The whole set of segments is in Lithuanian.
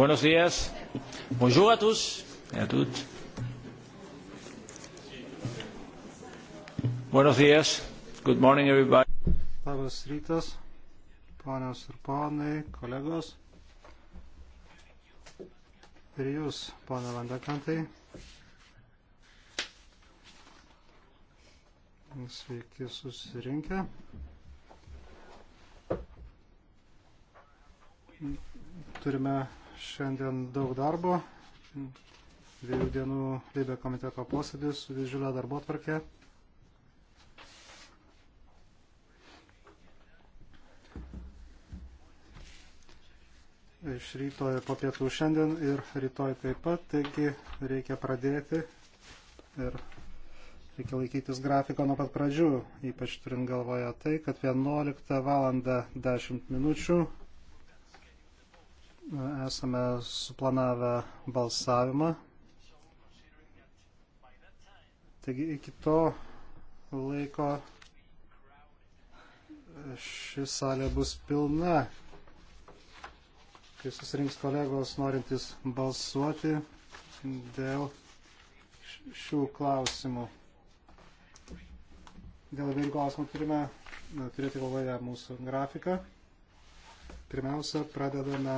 Buenos días. Bonjour à tous et à toutes. Buenos días. Good morning, everybody. Labas rytas, ponios ir ponai, kolegos. Ir jūs, pana Vandekantai. Sveiki susirinkę. Turime šiandien daug darbo. Dviejų dienų lybė komiteto posėdis su didžiulė darbo tvarkė. Iš ryto ir po pietų šiandien ir rytoj taip pat, taigi reikia pradėti ir reikia laikytis grafiko nuo pat pradžių, ypač turint galvoje tai, kad 11 val. 10 minučių esame suplanavę balsavimą. Taigi iki to laiko ši salė bus pilna, kai susirinks kolegos norintys balsuoti dėl šių klausimų. Dėl abiejų klausimų turime turėti galvoje mūsų grafiką. Pirmiausia, pradedame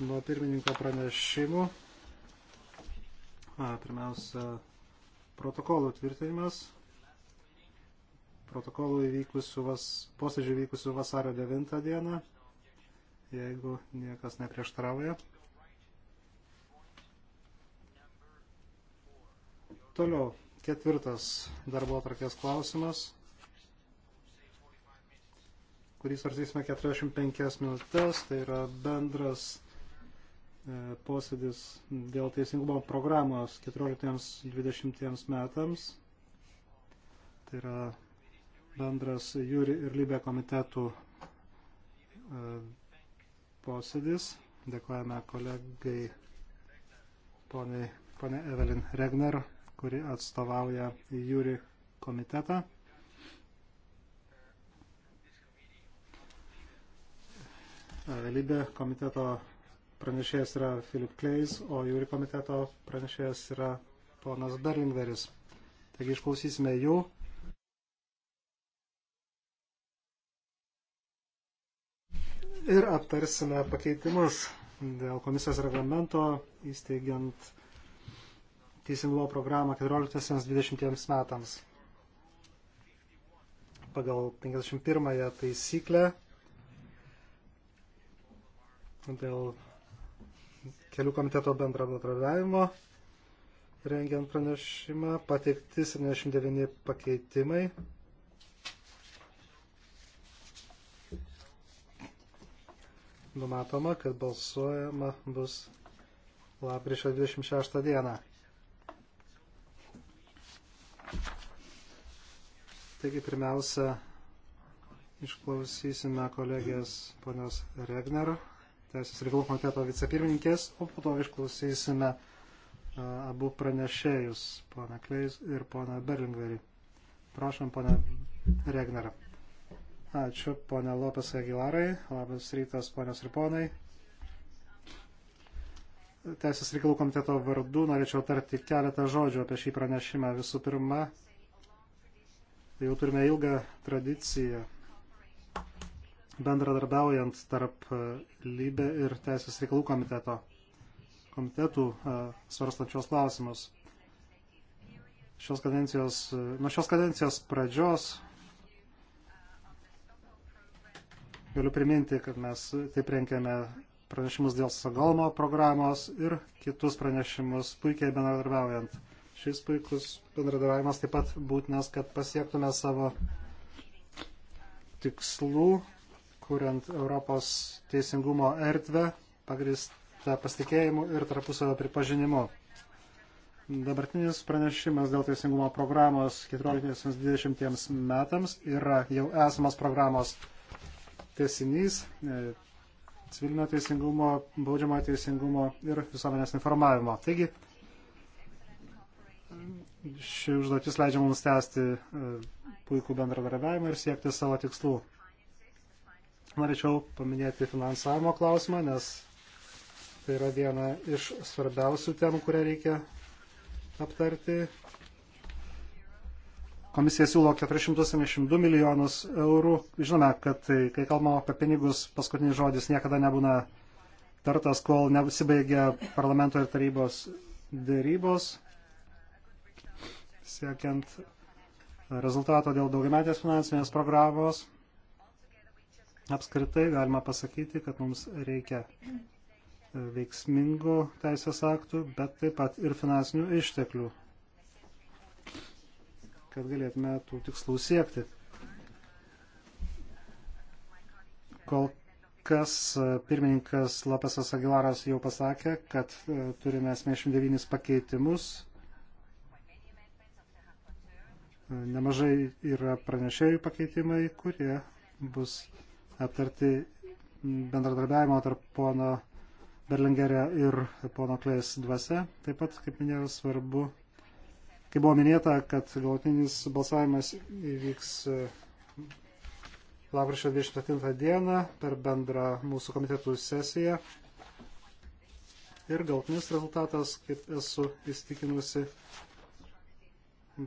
nuo pirmininko pranešimų. A, pirmiausia, protokolų tvirtinimas. Protokolų įvykusių vas, posėdžių įvykusių vasario 9 dieną, jeigu niekas neprieštarauja. Toliau, ketvirtas darbo atrakės klausimas, kurį svarstysime 45 minutės, tai yra bendras E, posėdis dėl teisingumo programos 14-20 metams. Tai yra bendras jūri ir lybė komitetų e, posėdis. Dėkojame kolegai poniai, poniai Evelin Regner, kuri atstovauja jūri komitetą. E, lybė komiteto pranešėjas yra Filip Kleis, o jūri komiteto pranešėjas yra ponas Berlingveris. Taigi išklausysime jų. Ir aptarsime pakeitimus dėl komisijos reglamento įsteigiant teisingumo programą 14-20 metams. Pagal 51 taisyklę dėl kelių komiteto bendradarbiavimo rengiant pranešimą, pateikti 79 pakeitimai. Numatoma, kad balsuojama bus lapkričio 26 dieną. Taigi pirmiausia, išklausysime kolegės ponios Regner Teisės reikalų komiteto vicepirmininkės, o po to išklausysime abu pranešėjus, pana Kleis ir pana Berlingverį. Prašom, pana Regnerą. Ačiū, ponia Lopes Agilarai. Labas rytas, ponios ir ponai. Teisės reikalų komiteto vardu norėčiau tarti keletą žodžių apie šį pranešimą. Visų pirma, jau turime ilgą tradiciją bendradarbiaujant tarp e, lybė ir teisės reikalų komiteto komitetų e, svarstančios klausimus. Šios kadencijos, e, nuo šios kadencijos pradžios galiu priminti, kad mes taip renkėme pranešimus dėl Sagalmo programos ir kitus pranešimus puikiai bendradarbiaujant. Šis puikus bendradarbiavimas taip pat būtinas, kad pasiektume savo tikslų kuriant Europos teisingumo erdvę pagristą pasitikėjimu ir tarpusavio pripažinimu. Dabartinis pranešimas dėl teisingumo programos 14-20 metams yra jau esamos programos tesinys e, civilinio teisingumo, baudžiamo teisingumo ir visuomenės informavimo. Taigi, ši užduotis leidžia mums tęsti e, puikų bendradarbiavimą ir siekti savo tikslų. Norėčiau paminėti finansavimo klausimą, nes tai yra viena iš svarbiausių temų, kurią reikia aptarti. Komisija siūlo 472 milijonus eurų. Žinome, kad tai, kai kalbama apie pinigus, paskutinis žodis niekada nebūna tartas, kol nesibaigia parlamento ir tarybos dėrybos, siekiant rezultato dėl daugiametės finansinės programos. Apskritai galima pasakyti, kad mums reikia e, veiksmingų teisės aktų, bet taip pat ir finansinių išteklių, kad galėtume tų tikslų siekti. Kol kas e, pirmininkas Lopesas Agilaras jau pasakė, kad e, turime 79 pakeitimus. Nemažai yra pranešėjų pakeitimai, kurie bus aptarti bendradarbiavimo tarp pono Berlingerio ir pono Klės dvasia. Taip pat, kaip minėjau, svarbu, kaip buvo minėta, kad galutinis balsavimas įvyks e, lapkričio 27 dieną per bendrą mūsų komitetų sesiją. Ir galtinis rezultatas, kaip esu įstikinusi,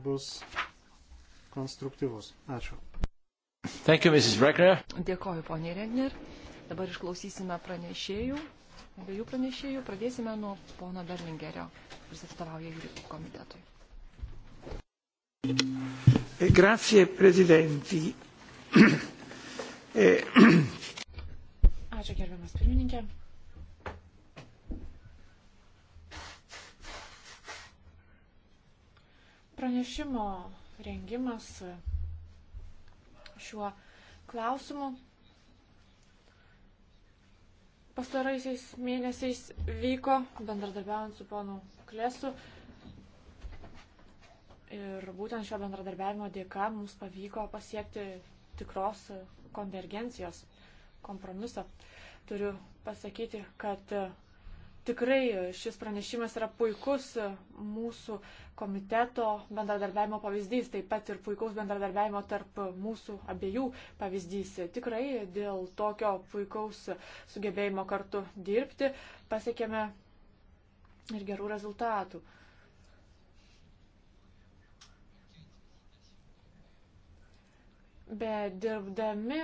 bus konstruktyvus. Ačiū. Thank you, Mrs. Regner. Dėkoju, ponė Regner. Dabar išklausysime pranešėjų, abiejų pranešėjų. Pradėsime nuo pono Berlingerio, kuris atstovauja jūrų komitetui. Eh, grazie, prezidenti. Eh, Ačiū, gerbiamas pirmininkė. Pranešimo rengimas šiuo klausimu. Pastaraisiais mėnesiais vyko, bendradarbiaujant su ponu Klesu. Ir būtent šio bendradarbiavimo dėka mums pavyko pasiekti tikros konvergencijos kompromiso. Turiu pasakyti, kad Tikrai šis pranešimas yra puikus mūsų komiteto bendradarbiavimo pavyzdys, taip pat ir puikaus bendradarbiavimo tarp mūsų abiejų pavyzdys. Tikrai dėl tokio puikaus sugebėjimo kartu dirbti pasiekėme ir gerų rezultatų. Bet dirbdami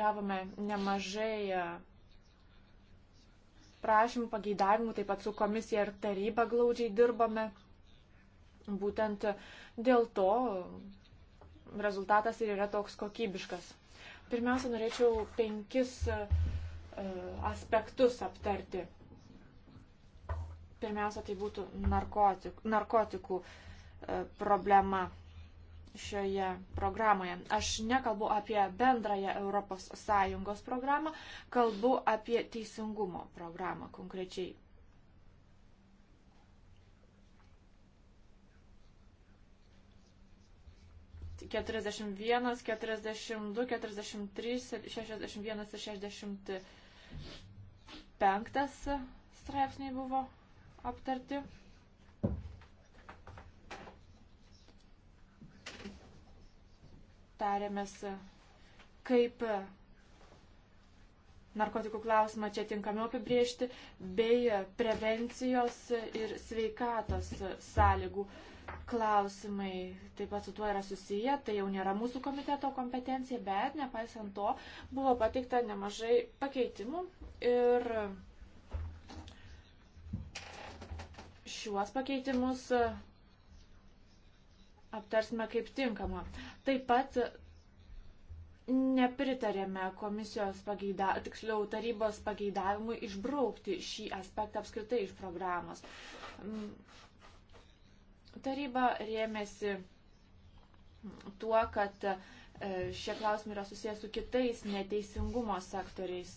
gavome nemažai prašymų, pageidavimų, taip pat su komisija ir taryba glaudžiai dirbame. Būtent dėl to rezultatas ir yra toks kokybiškas. Pirmiausia, norėčiau penkis e, aspektus aptarti. Pirmiausia, tai būtų narkotik, narkotikų e, problema šioje programoje. Aš nekalbu apie bendrąją ES programą, kalbu apie teisingumo programą konkrečiai. Keturiasdešimt vienas, keturiasdešimt du, keturiasdešimt trys, šešiasdešimt vienas ir šešiasdešimt penktas straipsniai buvo aptarti. tarėmės, kaip narkotikų klausimą čia tinkamiau apibriežti, bei prevencijos ir sveikatos sąlygų klausimai taip pat su tuo yra susiję, tai jau nėra mūsų komiteto kompetencija, bet nepaisant to buvo pateikta nemažai pakeitimų ir šiuos pakeitimus aptarsime kaip tinkama. Taip pat nepritarėme komisijos pageida, tiksliau tarybos pageidavimui išbraukti šį aspektą apskritai iš programos. Taryba rėmėsi tuo, kad e, šie klausimai yra susijęs su kitais neteisingumo sektoriais.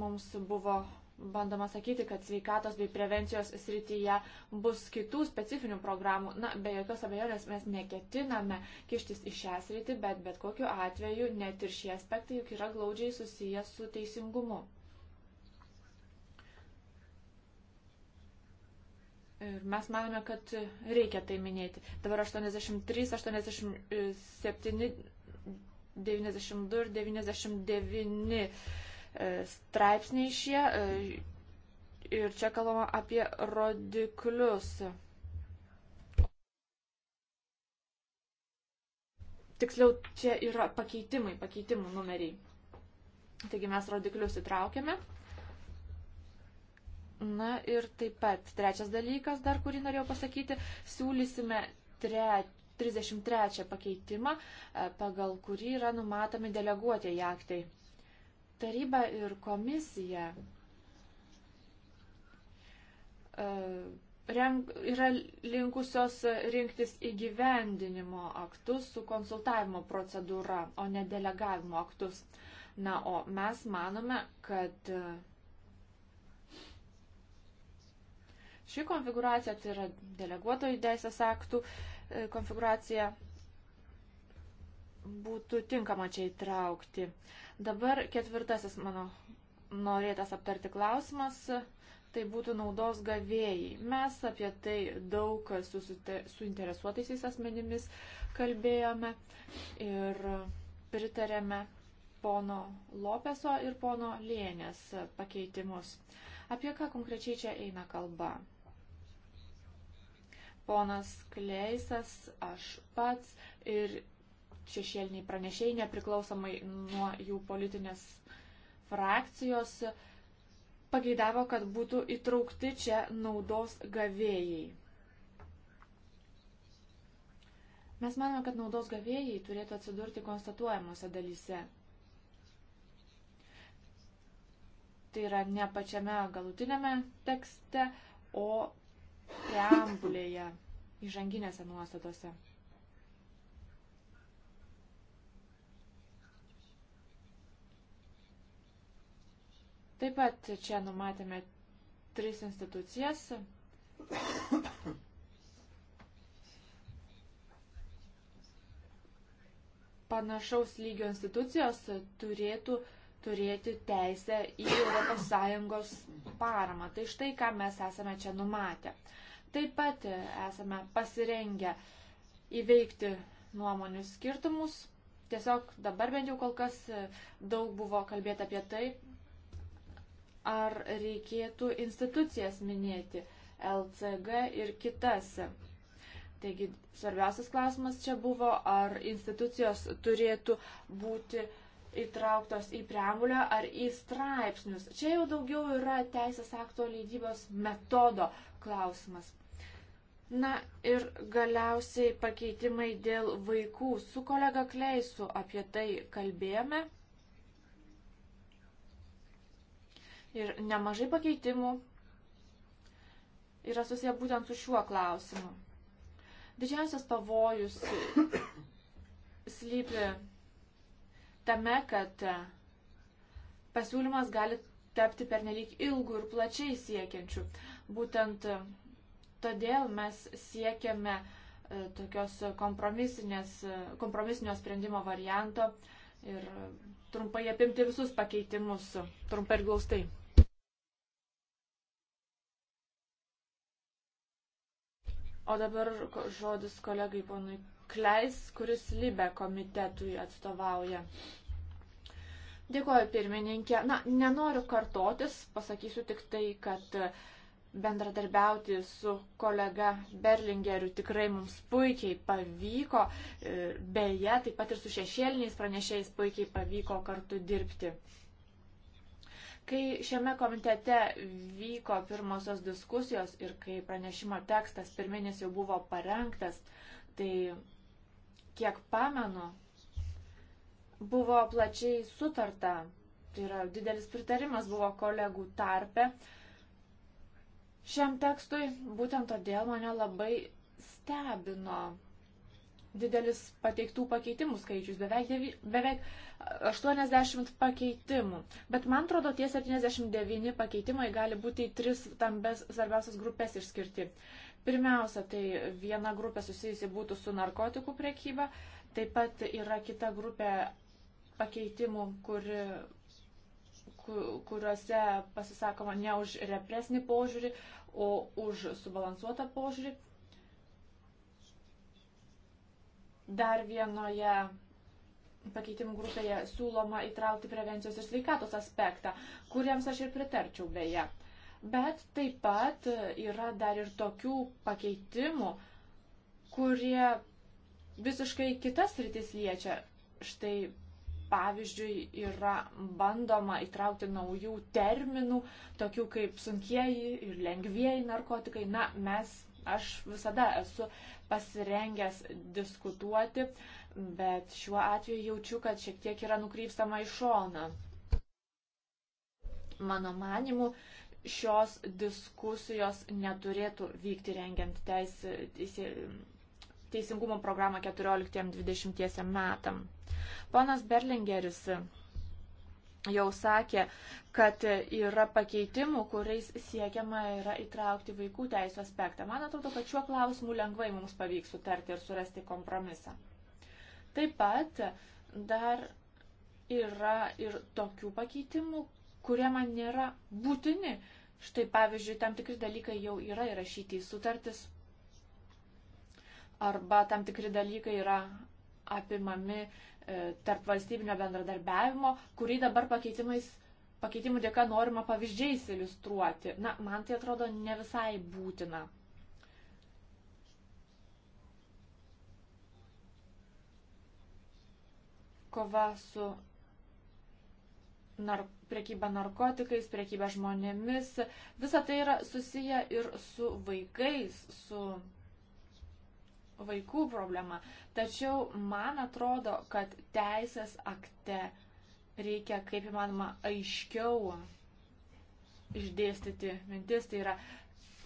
Mums buvo bandoma sakyti, kad sveikatos bei prevencijos srityje bus kitų specifinių programų. Na, be jokios abejonės mes neketiname kištis į šią sritį, bet bet kokiu atveju net ir šie aspektai juk yra glaudžiai susiję su teisingumu. Ir mes manome, kad reikia tai minėti. Dabar 83, 87, 92 ir 99 E, straipsniai šie e, ir čia kalbama apie rodiklius. Tiksliau, čia yra pakeitimai, pakeitimų numeriai. Taigi mes rodiklius įtraukėme. Na ir taip pat trečias dalykas, dar kurį norėjau pasakyti, siūlysime tre, 33 pakeitimą, e, pagal kurį yra numatomi deleguotieji aktai. Taryba ir komisija e, renk, yra linkusios rinktis įgyvendinimo aktus su konsultavimo procedūra, o ne delegavimo aktus. Na, o mes manome, kad e, ši konfiguracija, tai yra deleguotojų teisės aktų e, konfiguracija, būtų tinkama čia įtraukti. Dabar ketvirtasis mano norėtas aptarti klausimas tai būtų naudos gavėjai. Mes apie tai daug su suinteresuotaisiais asmenimis kalbėjome ir pritarėme pono Lopeso ir pono Lėnės pakeitimus. Apie ką konkrečiai čia eina kalba? Ponas Kleisas, aš pats ir šešėliniai pranešėjai, nepriklausomai nuo jų politinės frakcijos, pageidavo, kad būtų įtraukti čia naudos gavėjai. Mes manome, kad naudos gavėjai turėtų atsidurti konstatuojamuose dalyse. Tai yra ne pačiame galutinėme tekste, o preambulėje, įžanginėse nuostatose. Taip pat čia numatėme tris institucijas. Panašaus lygio institucijos turėtų turėti teisę į ES paramą. Tai štai, ką mes esame čia numatę. Taip pat esame pasirengę įveikti nuomonių skirtumus. Tiesiog dabar bent jau kol kas daug buvo kalbėta apie tai, ar reikėtų institucijas minėti LCG ir kitas. Taigi svarbiausias klausimas čia buvo, ar institucijos turėtų būti įtrauktos į preambulę ar į straipsnius. Čia jau daugiau yra teisės akto leidybos metodo klausimas. Na ir galiausiai pakeitimai dėl vaikų. Su kolega Kleisu apie tai kalbėjome. ir nemažai pakeitimų yra susiję būtent su šiuo klausimu. Didžiausias pavojus slypi tame, kad pasiūlymas gali tapti pernelyg ilgų ir plačiai siekiančių. Būtent todėl mes siekiame e, tokios kompromisinio sprendimo varianto ir trumpai apimti visus pakeitimus, trumpai ir glaustai. O dabar žodis kolegai ponui Kleis, kuris Libe komitetui atstovauja. Dėkuoju pirmininkė. Na, nenoriu kartotis, pasakysiu tik tai, kad uh, bendradarbiauti su kolega Berlingeriu tikrai mums puikiai pavyko. E, beje, taip pat ir su šešėliniais pranešėjais puikiai pavyko kartu dirbti. Kai šiame komitete vyko pirmosios diskusijos ir kai pranešimo tekstas pirminis jau buvo parengtas, tai kiek pamenu, buvo plačiai sutarta, tai yra didelis pritarimas buvo kolegų tarpe, šiam tekstui. Būtent todėl mane labai stebino didelis pateiktų pakeitimų skaičius, beveik, devy, beveik 80 pakeitimų. Bet man atrodo, tie 79 pakeitimai gali būti į tris tambes svarbiausias grupės išskirti. Pirmiausia, tai viena grupė susijusi būtų su narkotikų priekyba, taip pat yra kita grupė pakeitimų, kuri kuriuose pasisakoma ne už represinį požiūrį, o už subalansuotą požiūrį. Dar vienoje pakeitimų grupėje siūloma įtraukti prevencijos ir sveikatos aspektą, kuriems aš ir pritarčiau beje. Bet taip pat yra dar ir tokių pakeitimų, kurie visiškai kitas rytis liečia. Štai pavyzdžiui, yra bandoma įtraukti naujų terminų, tokių kaip sunkieji ir lengvieji narkotikai. Na, mes, aš visada esu pasirengęs diskutuoti, bet šiuo atveju jaučiu, kad šiek tiek yra nukrypstama į šoną. Mano manimu, šios diskusijos neturėtų vykti rengiant teisę. teisę teisingumo programą 14-20 metam. Ponas Berlingeris jau sakė, kad yra pakeitimų, kuriais siekiama yra įtraukti vaikų teisų aspektą. Man atrodo, kad šiuo klausimu lengvai mums pavyks sutarti ir surasti kompromisą. Taip pat dar yra ir tokių pakeitimų, kurie man nėra būtini. Štai pavyzdžiui, tam tikri dalykai jau yra įrašyti į sutartis, arba tam tikri dalykai yra apimami e, tarp valstybinio bendradarbiavimo, kurį dabar pakeitimais, pakeitimų dėka norima pavyzdžiais iliustruoti. Na, man tai atrodo ne visai būtina. Kova su nar priekyba narkotikais, priekyba žmonėmis, visa tai yra susiję ir su vaikais, su vaikų problema. Tačiau man atrodo, kad teisės akte reikia kaip įmanoma aiškiau išdėstyti mintis, tai yra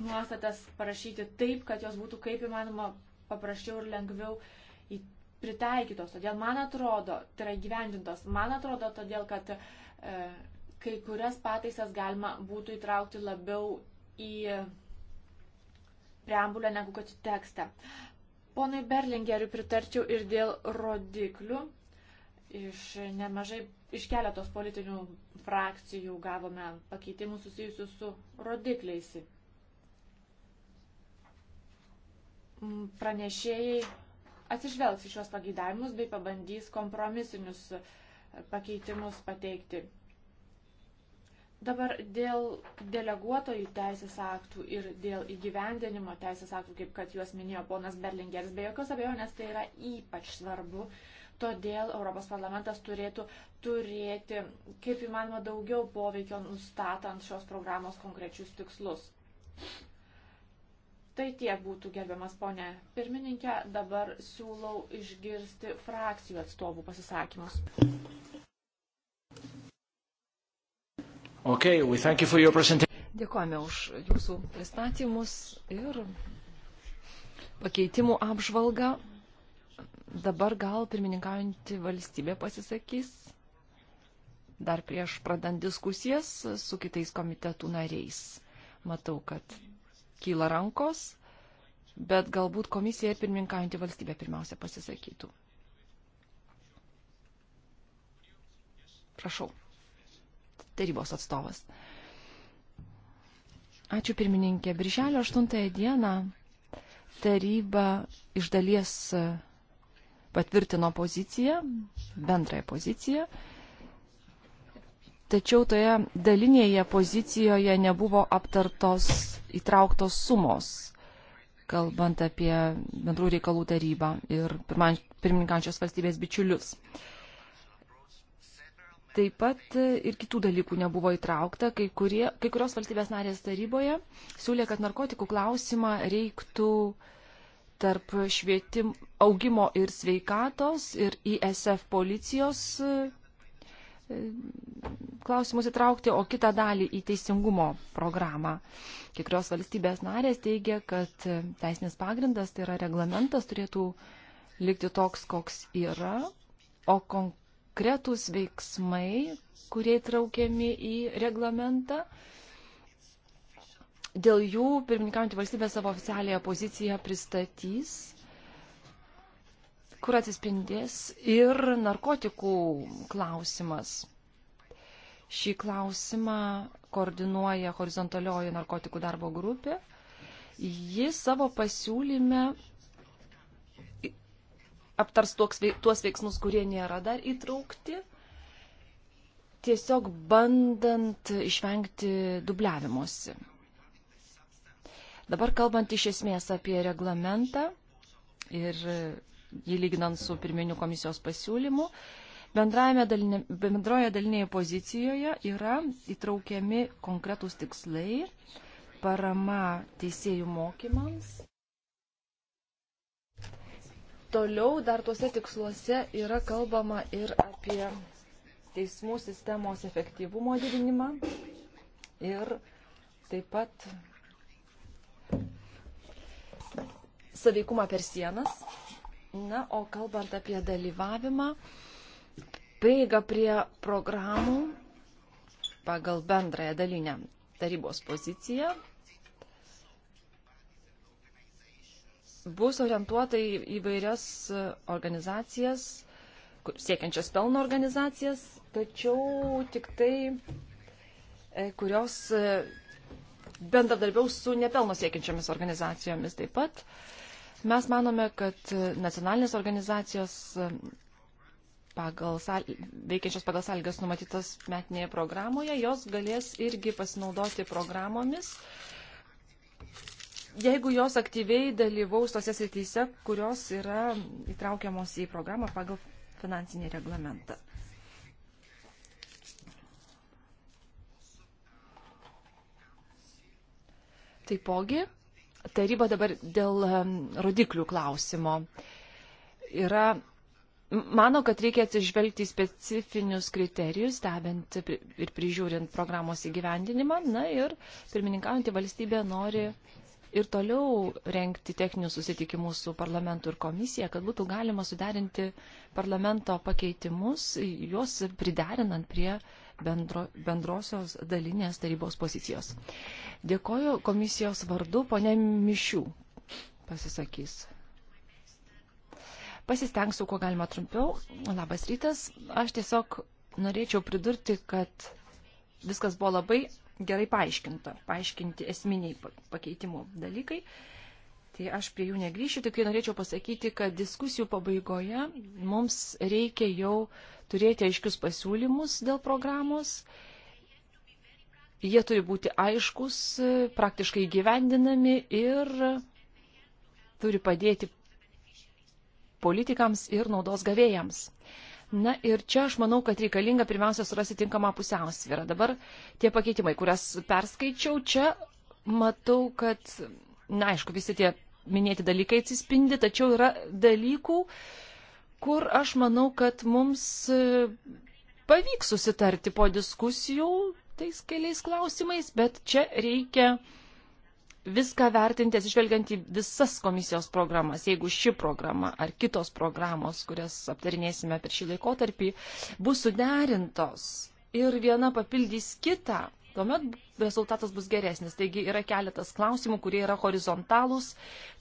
nuostatas parašyti taip, kad jos būtų kaip įmanoma paprasčiau ir lengviau pritaikytos. Todėl man atrodo, tai yra gyvendintos, man atrodo todėl, kad e, kai kurias pataisas galima būtų įtraukti labiau į preambulę negu kad į tekstą. Ponui Berlingeriu pritarčiau ir dėl rodiklių. Iš nemažai, iš keletos politinių frakcijų gavome pakeitimų susijusių su rodikliais. Pranešėjai atsižvelgs į šios pageidavimus bei pabandys kompromisinius pakeitimus pateikti. Dabar dėl deleguotojų teisės aktų ir dėl įgyvendinimo teisės aktų, kaip kad juos minėjo ponas Berlingeris, be jokios abejonės tai yra ypač svarbu. Todėl Europos parlamentas turėtų turėti kaip įmanoma daugiau poveikio nustatant šios programos konkrečius tikslus. Tai tiek būtų gerbiamas ponė pirmininkė. Dabar siūlau išgirsti frakcijų atstovų pasisakymus. Okay, you Dėkojame už jūsų pristatymus ir pakeitimų apžvalgą. Dabar gal pirmininkaujantį valstybę pasisakys dar prieš pradant diskusijas su kitais komitetų nariais. Matau, kad kyla rankos, bet galbūt komisija ir pirmininkaujantį valstybę pirmiausia pasisakytų. Prašau tarybos atstovas. Ačiū pirmininkė. Birželio 8 dieną taryba iš dalies patvirtino poziciją, bendrąją poziciją, tačiau toje dalinėje pozicijoje nebuvo aptartos įtrauktos sumos, kalbant apie bendrų reikalų tarybą ir pirmininkančios valstybės bičiulius. Uh, Taip pat e, ir kitų dalykų nebuvo įtraukta. Kai, kurie, kai kurios valstybės narės taryboje siūlė, kad narkotikų klausimą reiktų tarp švietim, augimo ir sveikatos ir ISF policijos e, e, klausimus įtraukti, o kitą dalį į teisingumo programą. Kai kurios valstybės narės teigia, kad teisinis pagrindas, tai yra reglamentas, turėtų likti toks, koks yra, o kon konkretūs veiksmai, kurie įtraukiami į reglamentą. Dėl jų pirmininkaujantį valstybę savo oficialiąją poziciją pristatys, kur atsispindės ir narkotikų klausimas. Šį klausimą koordinuoja horizontalioji narkotikų darbo grupė. Ji savo pasiūlyme aptars tuos veiksmus, kurie nėra dar įtraukti, tiesiog bandant išvengti dubliavimuose. Dabar kalbant iš esmės apie reglamentą ir jį lyginant su pirminiu komisijos pasiūlymu, dalinė, bendroje dalinėje pozicijoje yra įtraukiami konkretūs tikslai, parama teisėjų mokymams, Toliau dar tuose tiksluose yra kalbama ir apie teismų sistemos efektyvumo didinimą ir taip pat saveikumą per sienas. Na, o kalbant apie dalyvavimą, prieiga prie programų pagal bendrąją dalinę tarybos poziciją bus orientuota į įvairias e, organizacijas, siekiančias pelno organizacijas, tačiau tik tai e, kurios e, bendradarbiaus su nepelno siekiančiomis organizacijomis taip pat. Mes manome, kad nacionalinės organizacijos pagal sal... veikiančios pagal sąlygas numatytas metinėje programoje, jos galės irgi pasinaudoti programomis, uh, jeigu jos aktyviai dalyvaus tose srityse, kurios yra įtraukiamos į programą pagal finansinį reglamentą. Taipogi, taryba dabar dėl rodiklių klausimo yra, mano, kad reikia atsižvelgti į specifinius kriterijus, stebint ir prižiūrint programos įgyvendinimą. Na ir pirmininkaujantį valstybę nori ir toliau renkti techninius susitikimus su parlamentu ir komisija, kad būtų galima suderinti parlamento pakeitimus, juos priderinant prie bendro, bendrosios dalinės tarybos pozicijos. Dėkoju komisijos vardu, ponė Mišių pasisakys. Pasistengsiu, kuo galima trumpiau. Labas rytas. Aš tiesiog norėčiau pridurti, kad viskas buvo labai gerai paaiškinta, paaiškinti esminiai pakeitimų dalykai. Tai aš prie jų negryšiu, tik tai norėčiau pasakyti, kad diskusijų pabaigoje mums reikia jau turėti aiškius pasiūlymus dėl programos. Jie turi būti aiškus, praktiškai gyvendinami ir turi padėti politikams ir naudos gavėjams. Na ir čia aš manau, kad reikalinga pirmiausia surasti tinkamą pusiausvyrą. Dabar tie pakeitimai, kurias perskaičiau, čia matau, kad, na aišku, visi tie minėti dalykai atsispindi, tačiau yra dalykų, kur aš manau, kad mums e, pavyks susitarti po diskusijų tais keliais klausimais, bet čia reikia uh, viską vertinti atsižvelgiant į visas komisijos programas, jeigu ši programa ar kitos programos, kurias aptarinėsime per šį laikotarpį, bus suderintos ir viena papildys kitą, tuomet rezultatas bus geresnis. Taigi yra keletas klausimų, kurie yra horizontalūs,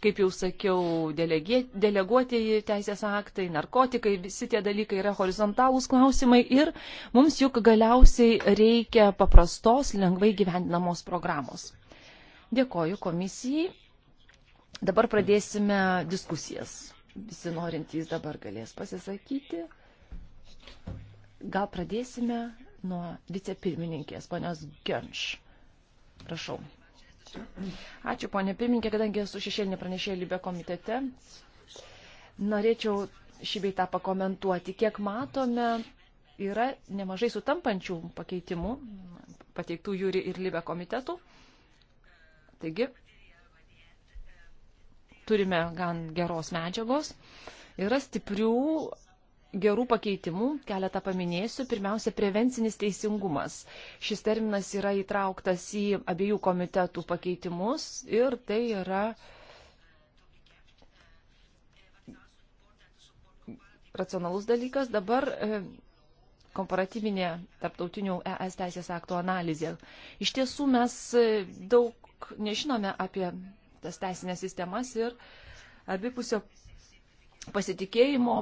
kaip jau sakiau, delegė, deleguotieji teisės aktai, narkotikai, visi tie dalykai yra horizontalūs klausimai ir mums juk galiausiai reikia paprastos, lengvai gyvendinamos programos. Dėkoju komisijai. Dabar pradėsime diskusijas. Visi norintys dabar galės pasisakyti. Gal pradėsime nuo vicepirmininkės, ponios Gönš. Prašau. Ačiū, ponė pirmininkė, kadangi esu šešėlinė pranešėja Libė komitete. Norėčiau šį beitą pakomentuoti. Kiek matome, yra nemažai sutampančių pakeitimų, pateiktų jūri ir Libė komitetų. Taigi, turime gan geros medžiagos. Yra stiprių gerų pakeitimų, keletą paminėsiu. Pirmiausia, prevencinis teisingumas. Šis terminas yra įtrauktas į abiejų komitetų pakeitimus ir tai yra racionalus dalykas. Dabar e, komparatyvinė tarptautinių ES teisės aktų analizė. Iš tiesų mes e, daug daug nežinome apie tas teisinės sistemas ir abipusio pasitikėjimo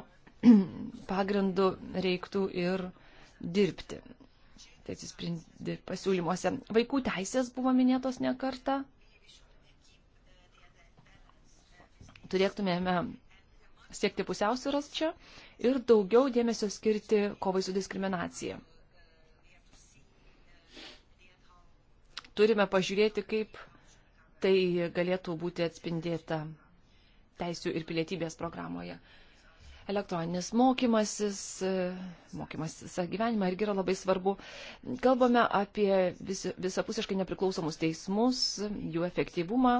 pagrindu reiktų ir dirbti. Tai atsispindi pasiūlymuose. Vaikų teisės buvo minėtos ne kartą. Turėtumėme siekti pusiausvėros čia ir daugiau dėmesio skirti kovai su diskriminacija. turime pažiūrėti, kaip tai galėtų būti atspindėta teisų ir pilietybės programoje. Elektroninis mokymasis, e, mokymasis e, gyvenimą irgi yra labai svarbu. Kalbame apie vis, visapusiškai nepriklausomus teismus, jų efektyvumą,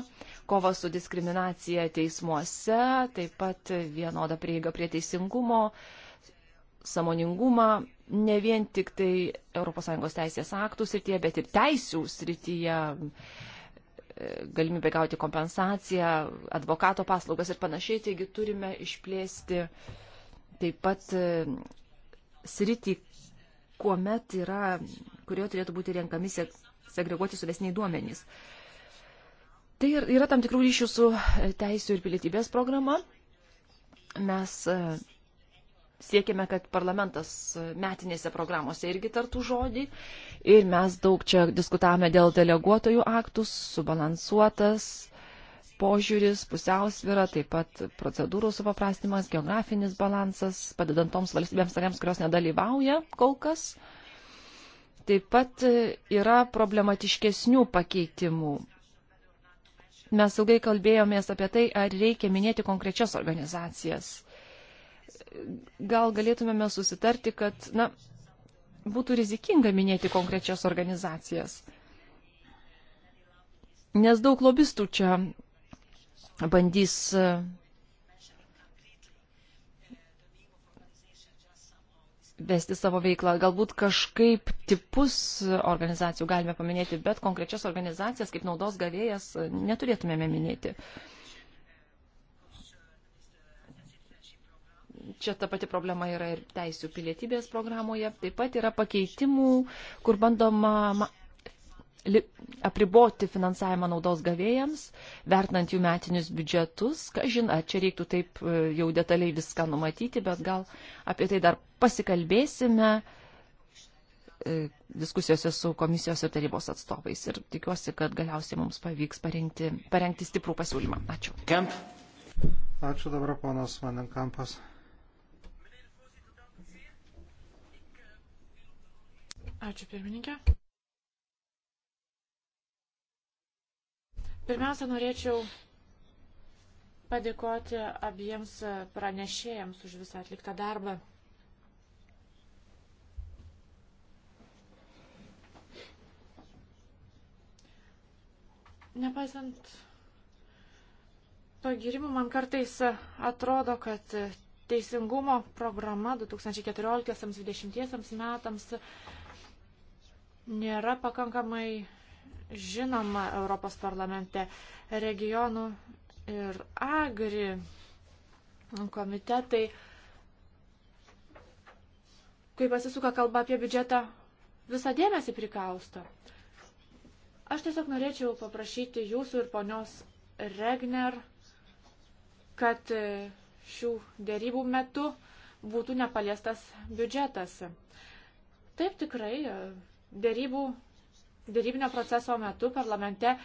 kovą su diskriminacija teismuose, taip pat vienodą prieigą prie teisingumo, uh, samoningumą ne vien tik tai ES teisės aktų srityje, bet ir teisų srityje, e, galimybę gauti kompensaciją, advokato paslaugas ir panašiai. Taigi turime išplėsti taip pat e, sritį, kuomet yra, kurioje turėtų būti renkami segreguoti suvesniai duomenys. Tai yra tam tikrų ryšių su teisų ir pilietybės programa. Mes e, siekiame, kad parlamentas metinėse programuose irgi tartų žodį. Ir mes daug čia diskutavome dėl deleguotojų aktus, subalansuotas požiūris, pusiausvyra, taip pat procedūrų supaprastimas, geografinis balansas, padedant toms valstybėms narėms, kurios nedalyvauja kol kas. Taip pat yra problematiškesnių pakeitimų. Mes ilgai kalbėjomės apie tai, ar reikia minėti konkrečias organizacijas gal galėtumėme susitarti, kad, na, būtų rizikinga minėti konkrečias organizacijas. Nes daug lobistų čia bandys e, vesti savo veiklą. Galbūt kažkaip tipus organizacijų galime paminėti, bet konkrečias organizacijas kaip naudos gavėjas neturėtumėme minėti. Uh, čia ta pati problema yra ir teisų pilietybės programoje. Taip pat yra pakeitimų, kur bandoma apriboti finansavimą naudos gavėjams, vertinant jų metinius biudžetus. Kažin, ar čia reiktų taip e, jau detaliai viską numatyti, bet gal apie tai dar pasikalbėsime e, diskusijose su komisijos ir tarybos atstovais. Ir tikiuosi, kad galiausiai mums pavyks parengti, parengti stiprų pasiūlymą. Ačiū. Kemp. Ačiū dabar ponas Vandenkampas. Ačiū pirmininkė. Pirmiausia, norėčiau padėkoti abiems pranešėjams už visą atliktą darbą. Nepaisant pagirimų, man kartais atrodo, kad teisingumo programa 2014-2020 metams nėra pakankamai žinoma Europos parlamente. Regionų ir agri komitetai, kai pasisuka kalba apie biudžetą, visą dėmesį prikausto. Aš tiesiog norėčiau paprašyti jūsų ir ponios Regner, kad e, šių dėrybų metu būtų nepaliestas biudžetas. Taip tikrai e, Dėrybų, dėrybinio proceso metu parlamente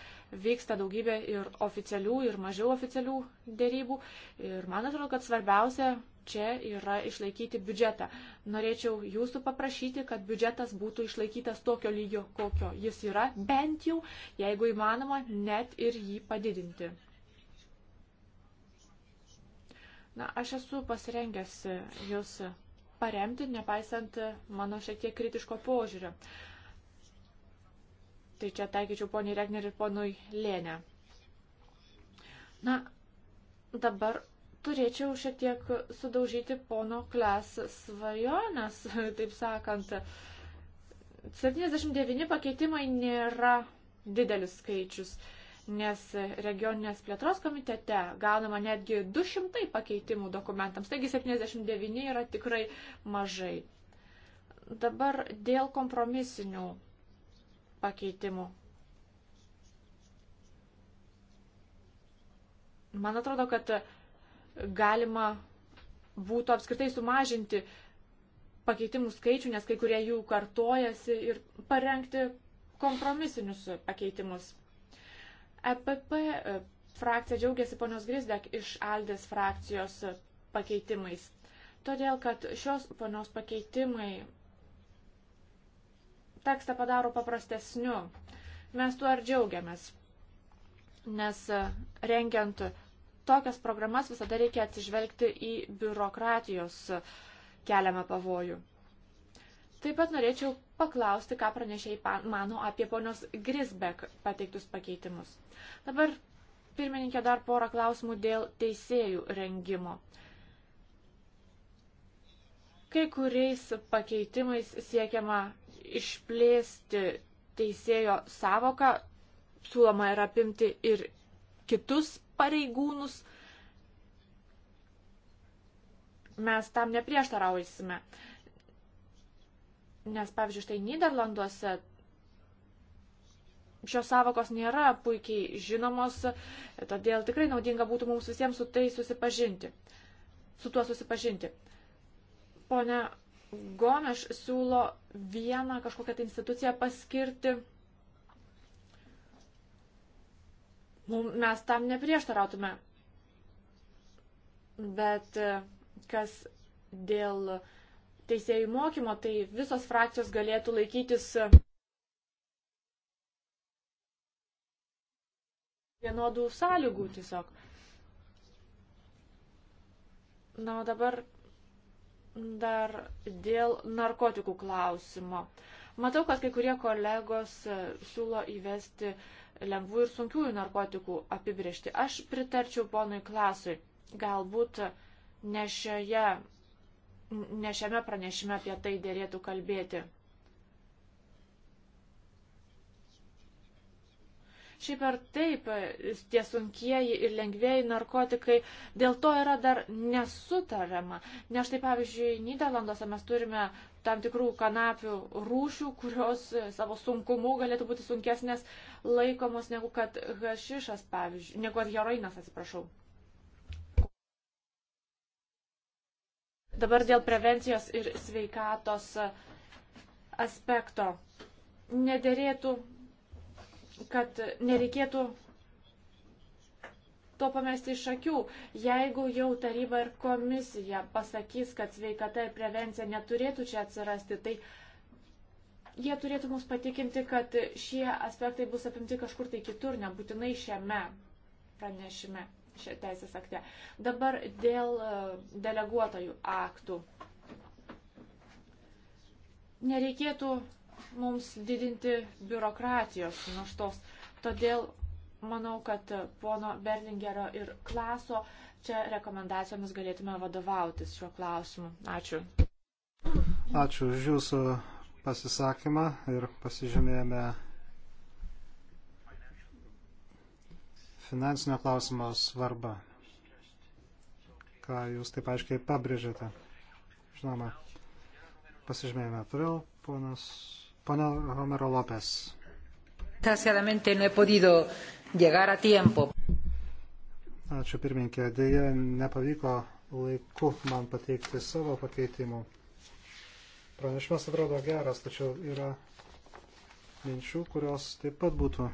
vyksta daugybė ir oficialių, ir mažiau oficialių dėrybų. Ir man atrodo, kad svarbiausia čia yra išlaikyti biudžetą. Norėčiau jūsų paprašyti, kad biudžetas būtų išlaikytas tokio lygio, kokio jis yra, bent jau, jeigu įmanoma, net ir jį padidinti. Na, aš esu pasirengęs jūs paremti, nepaisant mano šiek tiek kritiško požiūrio. Uh, Tai čia taikyčiau poniai Regner ir ponui Lėnė. Na, dabar turėčiau šiek tiek sudaužyti pono Kles svajonės, taip sakant. 79 pakeitimai nėra didelis skaičius, nes regioninės plėtros komitete gaunama netgi 200 pakeitimų dokumentams, taigi 79 yra tikrai mažai. Dabar dėl kompromisinių pakeitimų. Man atrodo, kad galima būtų apskritai sumažinti pakeitimų skaičių, nes kai kurie jų kartojasi ir parengti kompromisinius pakeitimus. EPP e, frakcija džiaugiasi ponios Grisdek iš Aldės frakcijos pakeitimais. Todėl, kad šios ponios pakeitimai tekstą padaro paprastesniu. Mes tuo ir džiaugiamės, nes e, rengiant tokias programas visada reikia atsižvelgti į biurokratijos e, keliamą pavojų. Taip pat norėčiau paklausti, ką pranešėjai mano apie ponios Grisbek pateiktus pakeitimus. Dabar, pirmininkė, dar porą klausimų dėl teisėjų rengimo. Kai kuriais pakeitimais siekiama išplėsti teisėjo savoką, siūloma yra apimti ir kitus pareigūnus. Mes tam neprieštaraujame. Nes, pavyzdžiui, štai Niderlanduose šios savokos nėra puikiai žinomos, todėl tikrai naudinga būtų mums visiems su tai susipažinti. Su tuo susipažinti. Pone Gomeš siūlo vieną kažkokią tai instituciją paskirti. Nu, mes tam neprieštarautume. Bet e, kas dėl teisėjų mokymo, tai visos frakcijos galėtų laikytis e, vienodų sąlygų tiesiog. Na, o dabar Dar dėl narkotikų klausimo. Matau, kad kai kurie kolegos e, siūlo įvesti lengvų ir sunkiųjų narkotikų apibriežti. Aš pritarčiau ponui Klasui. Galbūt ne, šioje, ne šiame pranešime apie tai dėlėtų kalbėti. Šiaip ar taip, tie sunkieji ir lengvėjai narkotikai, dėl to yra dar nesutariama. Nes štai pavyzdžiui, Niderlanduose mes turime tam tikrų kanapių rūšių, kurios e, savo sunkumu galėtų būti sunkesnės laikomos negu kad hašišas, pavyzdžiui, negu kad heroinas, atsiprašau. Dabar dėl prevencijos ir sveikatos aspekto. Nederėtų kad nereikėtų to pamesti iš akių. Jeigu jau taryba ir komisija pasakys, kad sveikata ir prevencija neturėtų čia atsirasti, tai jie turėtų mus patikinti, kad šie aspektai bus apimti kažkur tai kitur, nebūtinai šiame pranešime, šią teisės akte. Dabar dėl e, deleguotojų aktų. Nereikėtų mums didinti biurokratijos naštos. Todėl manau, kad pono Berlingero ir klaso čia rekomendacijomis galėtume vadovautis šiuo klausimu. Ačiū. Ačiū už Jūsų pasisakymą ir pasižymėjome finansinio klausimo svarbą, ką Jūs taip aiškiai pabrėžėte. Žinoma, pasižymėjome toliau. Ponas, pana Homero Lopes. Desgraciadamente no he podido llegar a tiempo. Ačiū pirminkė, dėja nepavyko laiku man pateikti savo pakeitimų. Pranešimas atrodo geras, tačiau yra minčių, kurios taip pat būtų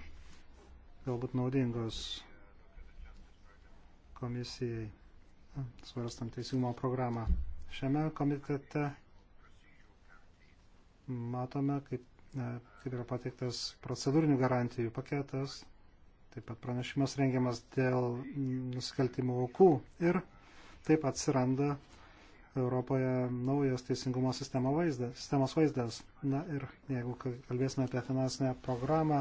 galbūt naudingos komisijai, svarstant teisingumo programą. Šiame komitete matome, kaip, e, kaip yra pateiktas procedūrinių garantijų paketas, taip pat pranešimas rengiamas dėl nusikaltimų aukų ir taip atsiranda Europoje naujas teisingumo sistemo vaizdas, sistemos vaizdas. Na ir jeigu kalbėsime apie finansinę programą,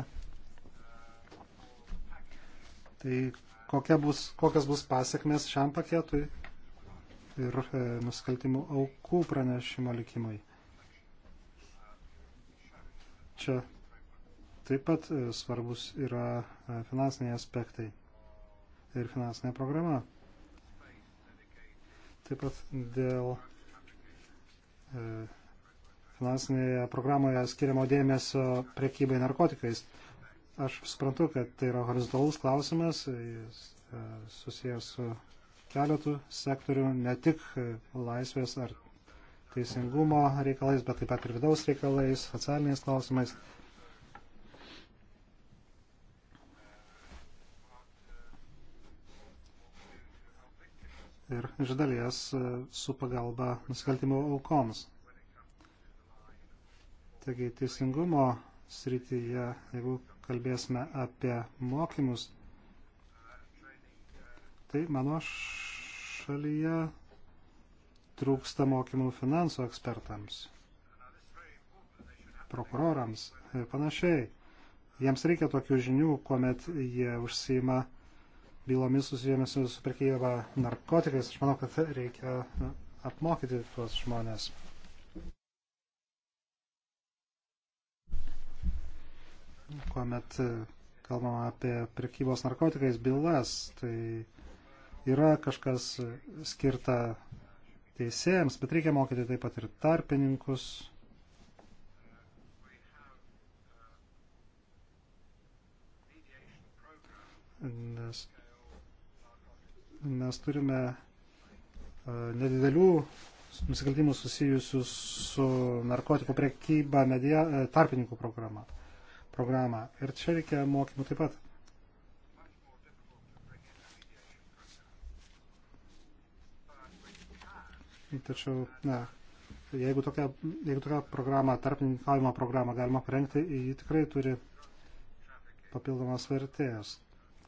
tai kokia bus, kokias bus pasiekmes šiam paketui ir e, nusikaltimų aukų pranešimo likimui. Čia taip pat e, svarbus yra e, finansiniai aspektai ir finansinė programa. Taip pat dėl e, finansinėje programoje skiriamo dėmesio prekybai narkotikais. Aš suprantu, kad tai yra horizontalus klausimas, jis susijęs su keletų sektorių, ne tik laisvės ar teisingumo reikalais, bet taip pat ir vidaus reikalais, socialiniais klausimais. Ir iš dalies e, su pagalba nusikaltimo aukoms. Taigi teisingumo srityje, jeigu kalbėsime apie mokymus, tai mano šalyje trūksta mokymų finansų ekspertams, prokurorams ir panašiai. Jiems reikia tokių žinių, kuomet jie užsima bylomis susijomis su prekyba narkotikais. Aš manau, kad reikia apmokyti tuos žmonės. Kuomet e, kalbama apie prekybos narkotikais bylas, tai yra kažkas skirta teisėjams, bet reikia mokyti taip pat ir tarpininkus. Nes mes turime e, nedidelių nusikaltimų susijusių su narkotikų prekyba media, e, tarpininkų programa, programą. Ir čia reikia mokymų taip pat. Tačiau, na, jeigu tokią, jeigu tokią programą, tarpininkavimo programą galima parengti, ji tikrai turi papildomas vertės.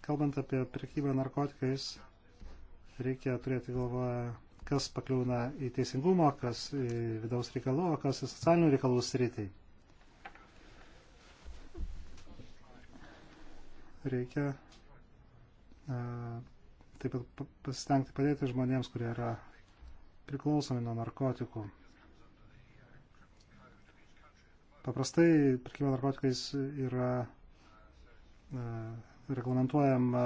Kalbant apie prekybą narkotikais, reikia turėti galvoje, kas pakliūna į teisingumo, kas į vidaus reikalų, o kas į socialinių reikalų sritį. Reikia a, taip pat pasistengti padėti žmonėms, kurie yra priklausomi nuo narkotikų. Paprastai prekyba narkotikais yra e, reglamentuojama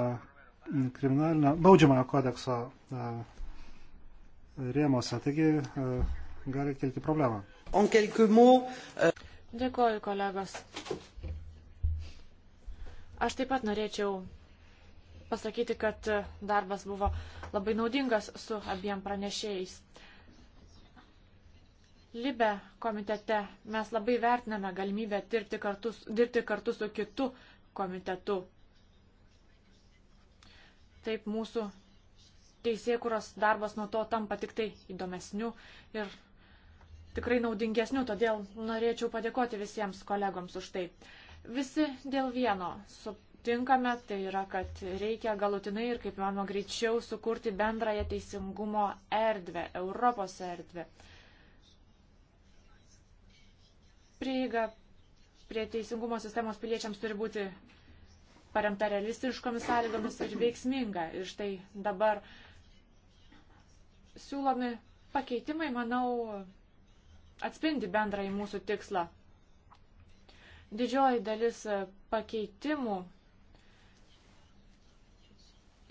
kriminalinio baudžiamojo kodekso e, rėmose, taigi e, gali kilti problemą. E, Dėkuoju, kolegos. Aš taip pat norėčiau pasakyti, kad e, darbas buvo labai naudingas su abiem pranešėjais. Libe komitete mes labai vertiname galimybę dirbti kartu, dirbti kartu su kitu komitetu. Taip mūsų teisėkuros darbas nuo to tampa tik tai įdomesniu ir tikrai naudingesniu, todėl norėčiau padėkoti visiems kolegoms už tai. Visi dėl vieno su, sutinkame, tai yra, kad reikia galutinai ir kaip mano greičiau sukurti bendrąją teisingumo erdvę, Europos erdvę. Prieiga prie teisingumo sistemos piliečiams turi būti paremta realistiškomis sąlygomis ir veiksminga. Ir štai dabar siūlomi pakeitimai, manau, atspindi bendrąjį mūsų tikslą. Didžioji dalis pakeitimų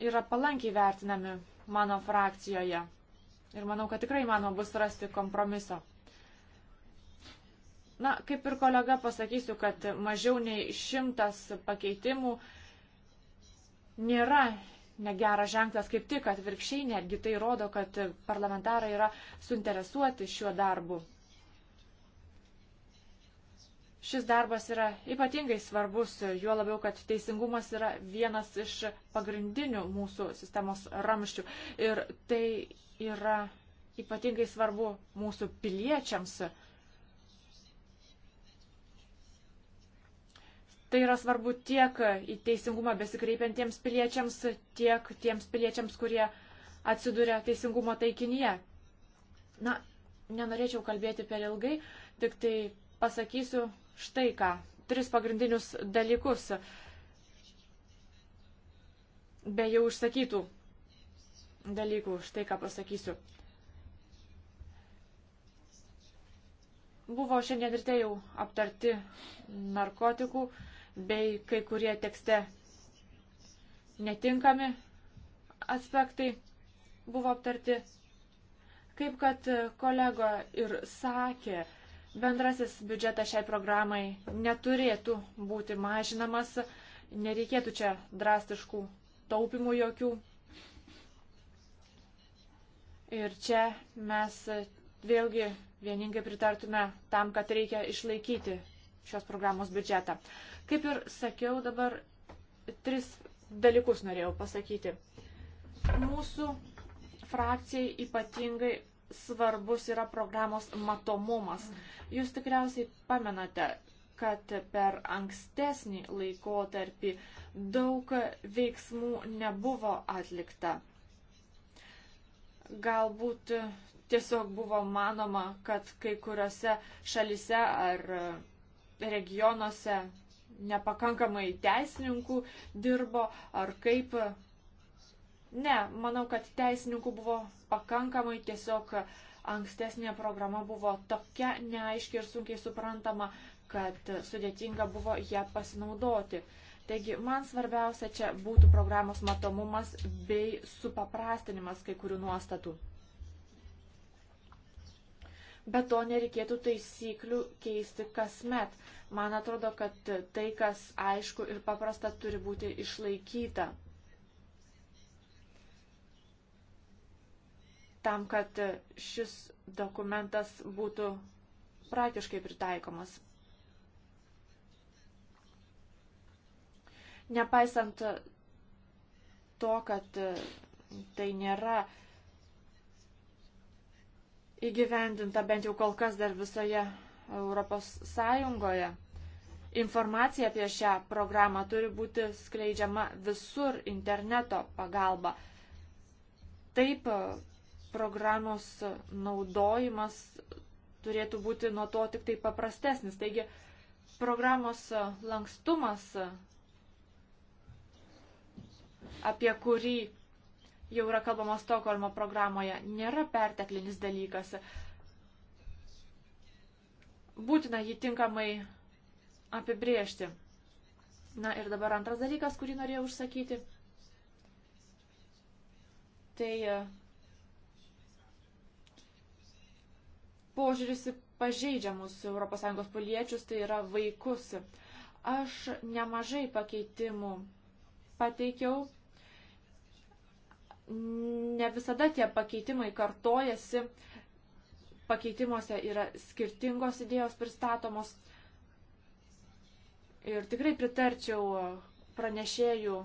yra palankiai vertinami mano frakcijoje. Ir manau, kad tikrai manoma bus rasti kompromiso. Na, kaip ir kolega pasakysiu, kad mažiau nei šimtas pakeitimų nėra negeras ženklas, kaip tik atvirkščiai netgi tai rodo, kad parlamentarai yra suinteresuoti šiuo darbu. Šis darbas yra ypatingai svarbus, juo labiau, kad teisingumas yra vienas iš pagrindinių mūsų sistemos ramščių. Ir tai yra ypatingai svarbu mūsų piliečiams. Tai yra svarbu tiek į teisingumą besikreipiantiems piliečiams, tiek tiems piliečiams, kurie atsiduria teisingumo taikinyje. Na, nenorėčiau kalbėti per ilgai, tik tai pasakysiu, štai ką, tris pagrindinius dalykus be jau išsakytų dalykų, štai ką pasakysiu. Buvo šiandien ryte jau aptarti narkotikų bei kai kurie tekste netinkami aspektai buvo aptarti. Kaip kad kolega ir sakė, Bendrasis biudžetas šiai programai neturėtų būti mažinamas, nereikėtų čia drastiškų taupimų jokių. Ir čia mes vėlgi vieningai pritartume tam, kad reikia išlaikyti šios programos biudžetą. Kaip ir sakiau, dabar tris dalykus norėjau pasakyti. Mūsų frakcijai ypatingai svarbus yra programos matomumas. Jūs tikriausiai pamenate, kad per ankstesnį laikotarpį daug veiksmų nebuvo atlikta. Galbūt tiesiog buvo manoma, kad kai kuriuose šalise ar regionuose nepakankamai teisininkų dirbo, ar kaip Ne, manau, kad teisininkų buvo pakankamai tiesiog ankstesnė programa buvo tokia neaiški ir sunkiai suprantama, kad sudėtinga buvo ją pasinaudoti. Taigi, man svarbiausia čia būtų programos matomumas bei supaprastinimas kai kurių nuostatų. Be to nereikėtų taisyklių keisti kasmet. Man atrodo, kad tai, kas aišku ir paprasta, turi būti išlaikyta. tam, kad šis dokumentas būtų praktiškai pritaikomas. Nepaisant to, kad tai nėra įgyvendinta bent jau kol kas dar visoje Europos Sąjungoje, informacija apie šią programą turi būti skleidžiama visur interneto pagalba. Taip programos naudojimas turėtų būti nuo to tik tai paprastesnis. Taigi programos lankstumas, apie kurį jau yra kalbama Stokholmo programoje, nėra perteklinis dalykas. Būtina jį tinkamai apibriežti. Na ir dabar antras dalykas, kurį norėjau užsakyti. Tai požiūris į pažeidžiamus ES piliečius, tai yra vaikus. Aš nemažai pakeitimų pateikiau. Ne visada tie pakeitimai kartojasi. Pakeitimuose yra skirtingos idėjos pristatomos. Ir tikrai pritarčiau pranešėjų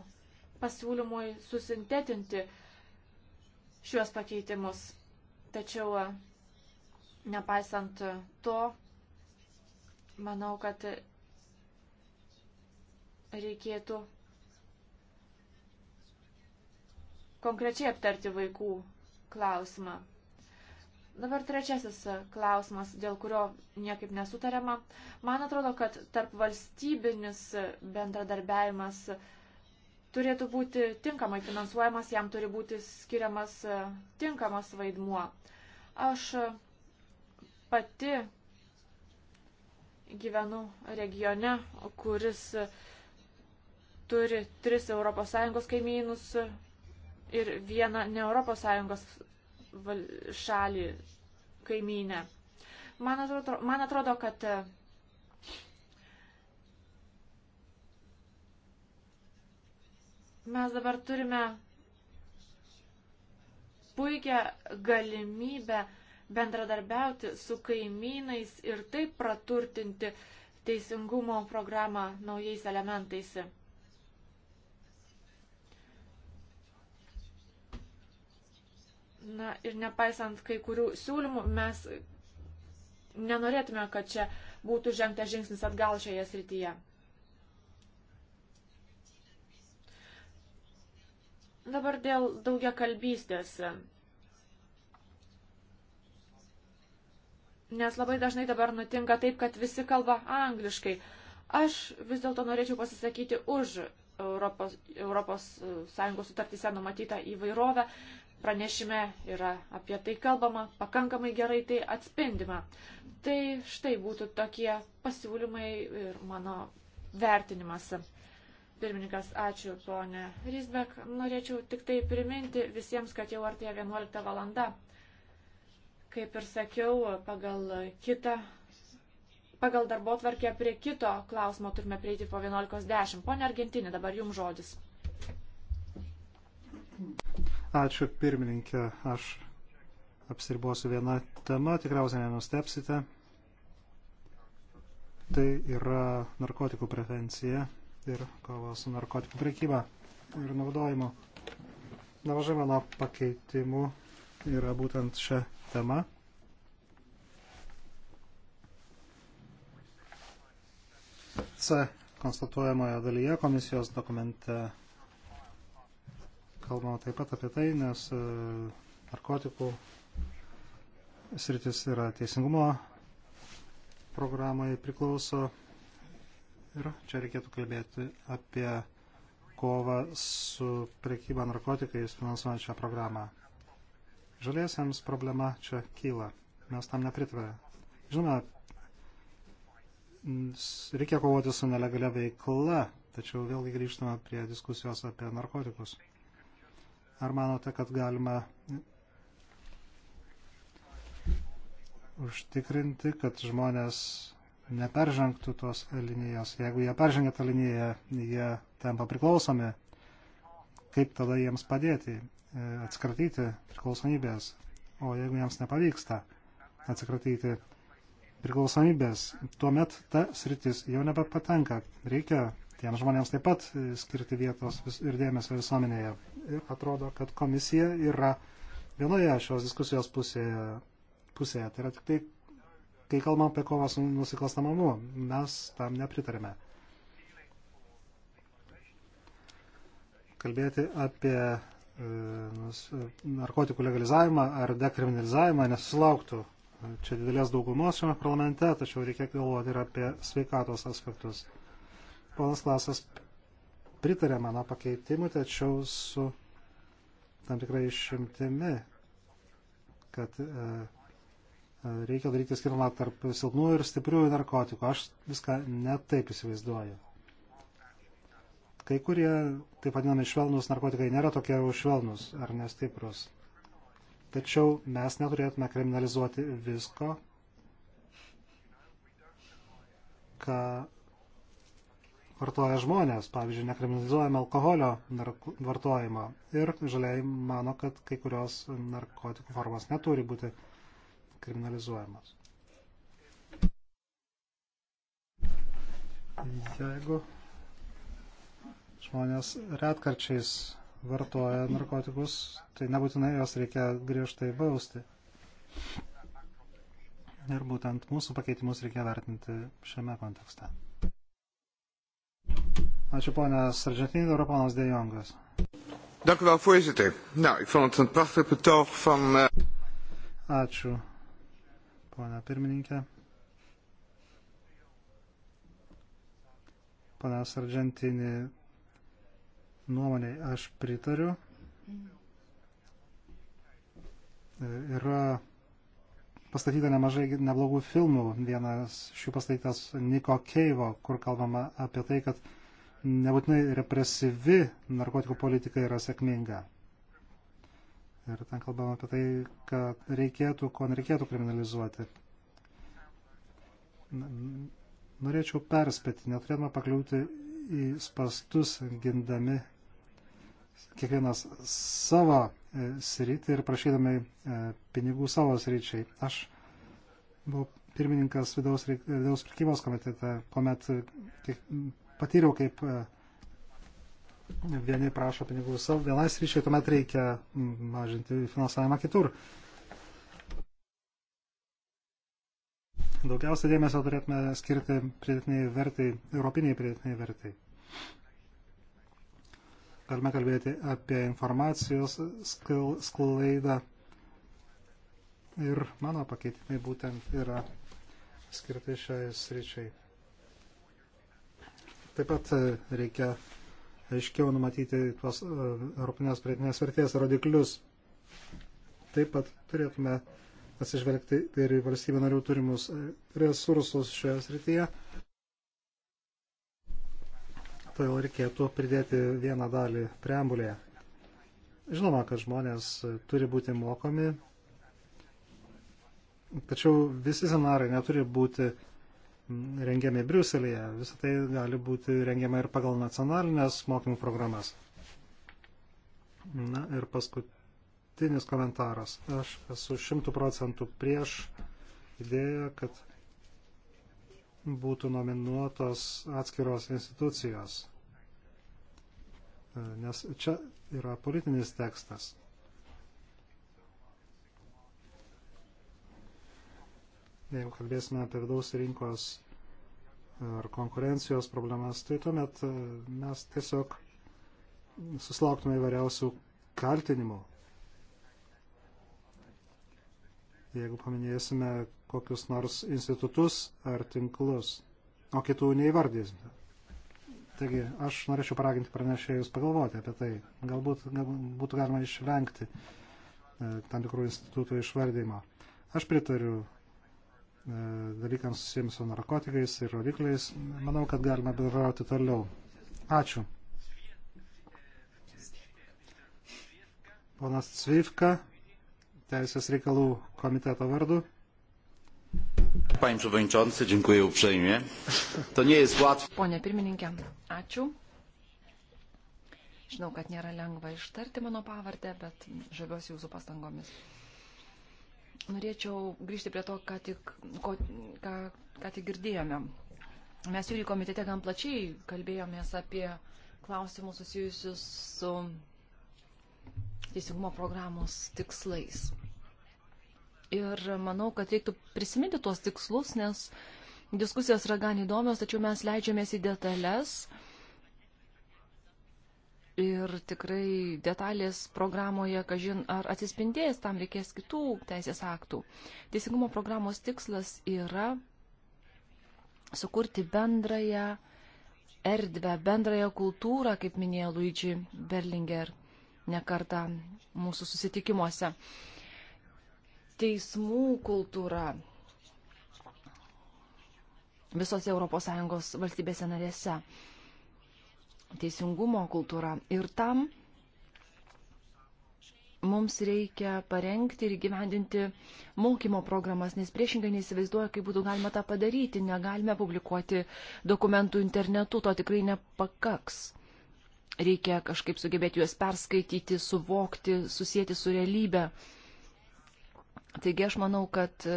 pasiūlymui susintetinti šiuos pakeitimus. Tačiau Nepaisant to, manau, kad reikėtų konkrečiai aptarti vaikų klausimą. Dabar trečiasis klausimas, dėl kurio niekaip nesutariama. Man atrodo, kad tarp valstybinis bendradarbiavimas turėtų būti tinkamai finansuojamas, jam turi būti skiriamas tinkamas vaidmuo. Aš pati gyvenu regione, kuris turi tris ES kaimynus ir vieną ne ES šalį kaimynę. Man atrodo, man atrodo, kad mes dabar turime puikią galimybę bendradarbiauti su kaimynais ir taip praturtinti teisingumo programą naujais elementais. Na ir nepaisant kai kurių siūlymų, mes nenorėtume, kad čia būtų žengtas žingsnis atgal šioje srityje. Dabar dėl daugia kalbystės. nes labai dažnai dabar nutinka taip, kad visi kalba angliškai. Aš vis dėlto norėčiau pasisakyti už Europos, Europos e, Sąjungos sutartyse numatytą įvairovę. Pranešime yra apie tai kalbama, pakankamai gerai tai atspindima. Tai štai būtų tokie pasiūlymai ir mano vertinimas. Pirmininkas, ačiū ponė Rysbek. Norėčiau tik tai priminti visiems, kad jau artėja 11 valanda. Kaip ir sakiau, pagal kitą pagal darbo tvarkę prie kito klausimo turime prieiti po 11.10. Pone Argentinė, dabar jums žodis. Ačiū pirmininkė, aš apsiribosiu vieną temą, tikriausiai nenustepsite. Tai yra narkotikų prevencija ir kova su narkotikų prekyba ir naudojimu. Nemažai mano pakeitimų yra būtent čia tema. C konstatuojamoje dalyje komisijos dokumente kalbama taip pat apie tai, nes e, narkotikų sritis yra teisingumo programai priklauso ir čia reikėtų kalbėti apie kovą su prekyba narkotikais finansuojančią programą. Žaliesiams problema čia kyla. Mes tam nepritvėrė. Žinoma, reikia kovoti su nelegalia veikla, tačiau vėlgi grįžtama prie diskusijos apie narkotikus. Ar manote, kad galima užtikrinti, kad žmonės neperžengtų tos linijos. Jeigu jie peržengia tą liniją, jie tampa priklausomi. Kaip tada jiems padėti? E, atsikratyti priklausomybės, o jeigu jiems nepavyksta atsikratyti priklausomybės, tuomet ta sritis jau nebepatenka. Reikia tiems žmonėms taip pat skirti vietos ir dėmesio visuomenėje. Ir atrodo, kad komisija yra vienoje šios diskusijos pusėje. pusėje. Tai yra tik tai, kai kalbam apie kovą su nusikalstamamu, mes tam nepritarime. Kalbėti apie E, narkotikų legalizavimą ar dekriminalizavimą nesulauktų čia didelės daugumos šiame parlamente, tačiau reikia galvoti ir apie sveikatos aspektus. Ponas Klasas pritarė mano pakeitimui, tačiau su tam tikrai išimtimi, kad e, e, reikia daryti skirtumą tarp silpnų ir stipriųjų narkotikų. Aš viską netaip įsivaizduoju. Kai kurie, taip vadinami, švelnus narkotikai nėra tokie jau švelnus ar nestiprus. Tačiau mes neturėtume kriminalizuoti visko, ką vartoja žmonės. Pavyzdžiui, nekriminalizuojame alkoholio vartojimo. Ir žaliai mano, kad kai kurios narkotikų formos neturi būti kriminalizuojamos. Jeigu žmonės retkarčiais vartoja narkotikus, tai nebūtinai jos reikia griežtai bausti. Ir būtent mūsų pakeitimus reikia vertinti šiame kontekste. Ačiū ponia Sargentinė, Europonas Dejongas. Dank u wel, voorzitter. Nou, ik vond het een prachtig betoog van... Uh... Ačiū, ponia pirmininkė. Pana Sargentinė nuomoniai aš pritariu. E, yra pastatyta nemažai neblogų filmų. Vienas šių pastatytas Niko Keivo, kur kalbama apie tai, kad nebūtinai represyvi narkotikų politika yra sėkminga. Ir ten kalbama apie tai, kad reikėtų, ko nereikėtų kriminalizuoti. Norėčiau perspėti, neturėtume pakliūti į spastus gindami kiekvienas savo e, sritį ir prašydami e, pinigų savo sričiai. Aš buvau pirmininkas vidaus, vidaus prekybos komitete, kuomet e, patyriau, kaip vieni prašo pinigų savo vienai sričiai, tuomet reikia mažinti finansavimą kitur. Daugiausia dėmesio turėtume skirti pridėtiniai vertai, europiniai pridėtiniai vertai galime kalbėti apie informacijos sklaidą. Ir mano pakeitimai būtent yra skirti šiai sričiai. Taip pat e, reikia aiškiau numatyti tuos e, Europinės pridėtinės vertės rodiklius. Taip pat turėtume atsižvelgti ir į valstybių narių turimus e, resursus šioje srityje todėl reikėtų pridėti vieną dalį preambulėje. Žinoma, kad žmonės turi būti mokomi, tačiau visi scenarai neturi būti rengiami Briuselėje. Visą tai gali būti rengiama ir pagal nacionalinės mokymų programas. Na ir paskutinis komentaras. Aš esu šimtų procentų prieš idėją, kad būtų nominuotos atskiros institucijos. E, nes čia yra politinis tekstas. Jeigu kalbėsime apie vidaus rinkos ar konkurencijos problemas, tai tuomet e, mes tiesiog susilauktume įvairiausių kaltinimų. Jeigu paminėsime kokius nors institutus ar tinklus, o kitų neįvardysime. Taigi aš norėčiau paraginti pranešėjus pagalvoti apie tai. Galbūt būtų galima išvengti e, tam tikrų institutų išvardymo. Aš pritariu e, dalykams susijęms su narkotikais ir rodikliais. Manau, kad galima bendrauti toliau. Ačiū. Ponas Cvivka, Teisės reikalų komiteto vardu. Panie Przewodniczący, dziękuję uprzejmie. To nie jest łatwe. Pone pirmininkė, ačiū. Žinau, kad nėra lengva ištarti mano pavardę, bet žaviuosi jūsų pastangomis. Norėčiau grįžti prie to, ką tik, ko, ką, ką tik girdėjome. Mes jūrį komitete gan plačiai kalbėjomės apie klausimus susijusius su teisingumo programos tikslais. Ir manau, kad reiktų prisiminti tuos tikslus, nes diskusijos yra gan įdomios, tačiau mes leidžiamės į detalės. Ir tikrai detalės programoje, kažin, ar atsispindės, tam reikės kitų teisės aktų. Teisingumo programos tikslas yra sukurti bendrąją erdvę, bendrąją kultūrą, kaip minėjo Luigi Berlinger nekarta mūsų susitikimuose. Uh, teismų kultūra visose ES valstybėse narėse, teisingumo kultūra. Ir tam mums reikia parengti ir gyvendinti mokymo programas, nes priešingai neįsivaizduoju, kaip būtų galima tą padaryti. Negalime publikuoti dokumentų internetu, to tikrai nepakaks. Reikia kažkaip sugebėti juos perskaityti, suvokti, susijęti su realybė. Uh, Taigi aš manau, kad e,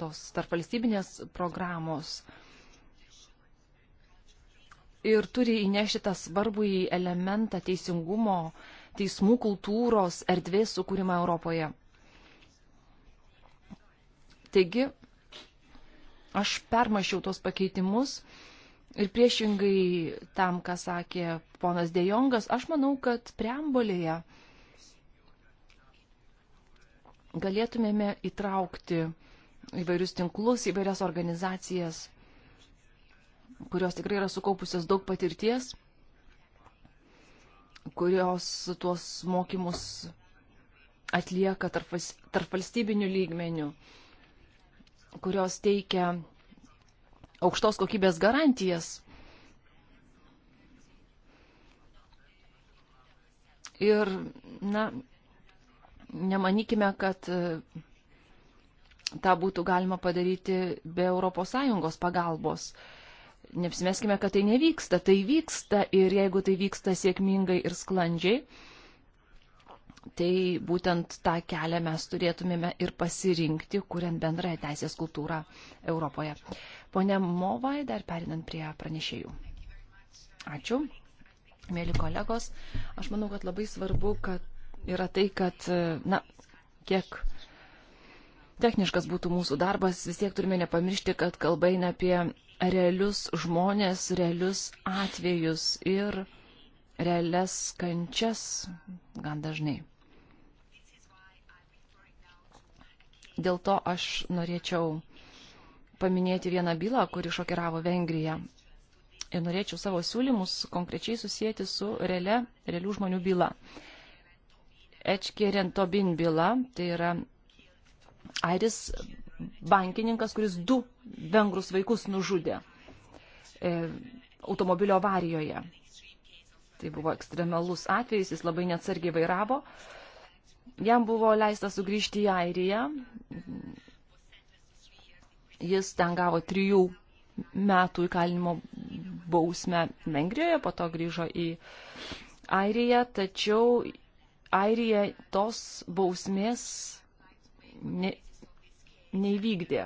tos tarpvalstybinės programos ir turi įnešti tą svarbų į elementą teisingumo, teismų kultūros erdvės sukūrimą Europoje. Taigi, aš permašiau tos pakeitimus ir priešingai tam, ką sakė ponas Dejongas, aš manau, kad preambulėje galėtumėme įtraukti įvairius tinklus, įvairias organizacijas, kurios tikrai yra sukaupusios daug patirties, kurios tuos mokymus atlieka tarp, tarp valstybinių lygmenių, kurios teikia aukštos kokybės garantijas. Ir, na, nemanykime, kad e, tą būtų galima padaryti be ES pagalbos. Neapsimeskime, kad tai nevyksta. Tai vyksta ir jeigu tai vyksta sėkmingai ir sklandžiai, tai būtent tą kelią mes turėtumėme ir pasirinkti, kuriant bendrąją teisės kultūrą Europoje. Pone Movai, dar perinant prie pranešėjų. Ačiū. Mėly kolegos, aš manau, kad labai svarbu, kad yra tai, kad, e, na, kiek techniškas būtų mūsų darbas, vis tiek turime nepamiršti, kad kalba eina apie realius žmonės, realius atvejus ir realias kančias gan dažnai. Dėl to aš norėčiau paminėti vieną bylą, kuri šokiravo Vengriją. Ir norėčiau savo siūlymus konkrečiai susijęti su realia, realių žmonių byla. Ečkėrien Tobin byla, tai yra airis bankininkas, kuris du vengrus vaikus nužudė e, automobilio avarijoje. Tai buvo ekstremalus atvejis, jis labai neatsargiai vairavo. Jam buvo leista sugrįžti į Airiją. Jis ten gavo trijų metų įkalinimo bausmę Vengrijoje, po to grįžo į Airiją, tačiau Airija tos bausmės ne, neįvykdė.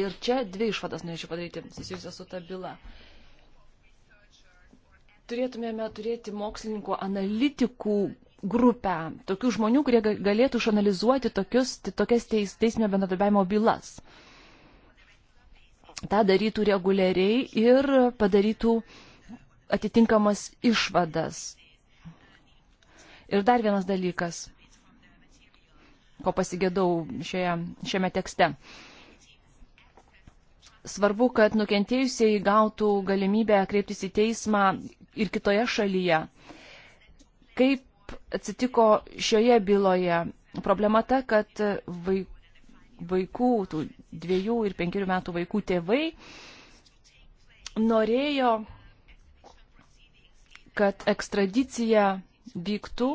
Ir čia dvi išvadas norėčiau padaryti susijusios su ta byla. Turėtumėme turėti mokslininkų, analitikų grupę, tokių žmonių, kurie galėtų išanalizuoti tokius, tokias teis, teisinio bendradarbiavimo bylas. Ta darytų reguliariai ir padarytų atitinkamas išvadas. Ir dar vienas dalykas, ko pasigėdau šioje, šiame tekste. Svarbu, kad nukentėjusiai gautų galimybę kreiptis į teismą ir kitoje šalyje. Kaip atsitiko šioje byloje? Problema ta, kad vaikų, tų dviejų ir penkerių metų vaikų tėvai norėjo, kad ekstradicija vyktų.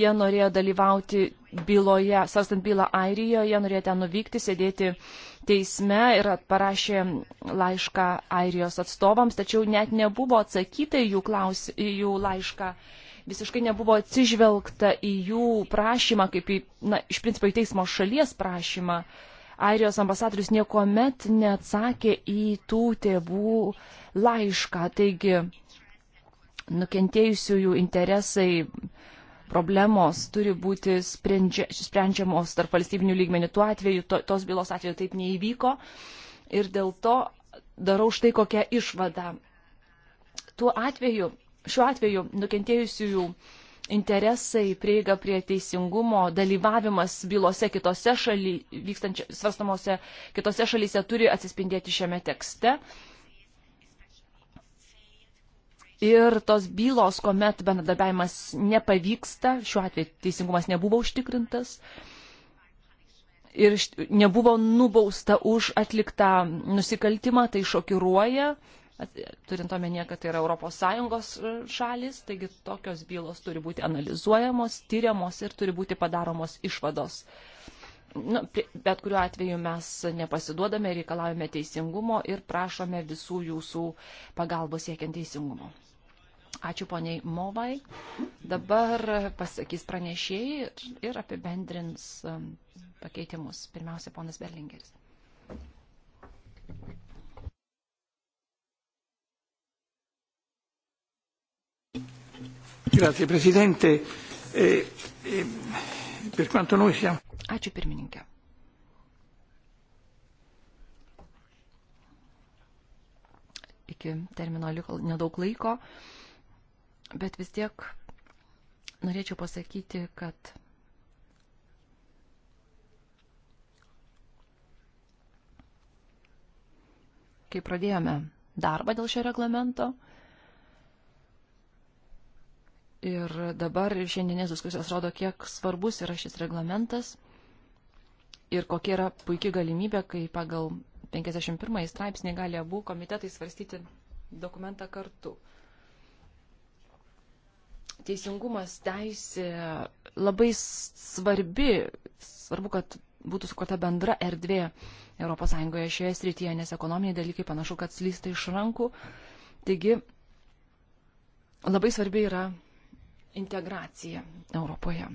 Jie norėjo dalyvauti byloje, svarstant bylą Airijoje, jie norėjo ten nuvykti, sėdėti teisme ir parašė laišką Airijos atstovams, tačiau net nebuvo atsakyta į jų, klaus, į jų laišką visiškai nebuvo atsižvelgta į jų prašymą, kaip į, na, iš principo į teismo šalies prašymą. Airijos ambasadorius niekuomet neatsakė į tų tėvų laišką. Taigi nukentėjusiųjų interesai, problemos turi būti sprendžia, sprendžiamos tarp valstybinių lygmenių. Tuo atveju, to, tos bylos atveju taip neįvyko ir dėl to darau štai kokią išvadą. Tuo atveju, šiuo atveju nukentėjusiųjų interesai, prieiga prie teisingumo, dalyvavimas bylose kitose šalyse, svarstamose kitose šalyse turi atsispindėti šiame tekste. Uh, Ir tos bylos, kuomet bendradarbiavimas nepavyksta, šiuo atveju teisingumas nebuvo užtikrintas ir nebuvo nubausta už atliktą nusikaltimą, tai šokiruoja, turint omenyje, kad tai yra ES e, šalis, taigi tokios bylos turi būti analizuojamos, tyriamos ir turi būti padaromos išvados. Nu, bet kuriuo atveju mes nepasiduodame, reikalavome teisingumo ir prašome visų jūsų pagalbos siekiant teisingumo. Ačiū poniai Movai. Dabar pasakys pranešėjai ir apibendrins um, pakeitimus. Pirmiausia, ponas Berlingeris. Grazie Presidente. E, e, per quanto noi siamo. Ačiū pirmininkė. Iki termino liko nedaug laiko. Bet vis tiek norėčiau pasakyti, kad kai pradėjome darbą dėl šio reglamento. Ir dabar ir šiandienės diskusijos rodo, kiek svarbus yra šis reglamentas ir kokia yra puikia galimybė, kai pagal 51 straipsnį gali abu komitetai svarstyti dokumentą kartu teisingumas, teisė labai svarbi, svarbu, kad būtų sukurta bendra erdvė ES šioje srityje, nes ekonominiai dalykai panašu, kad slysta iš rankų. Taigi labai svarbi yra integracija Europoje.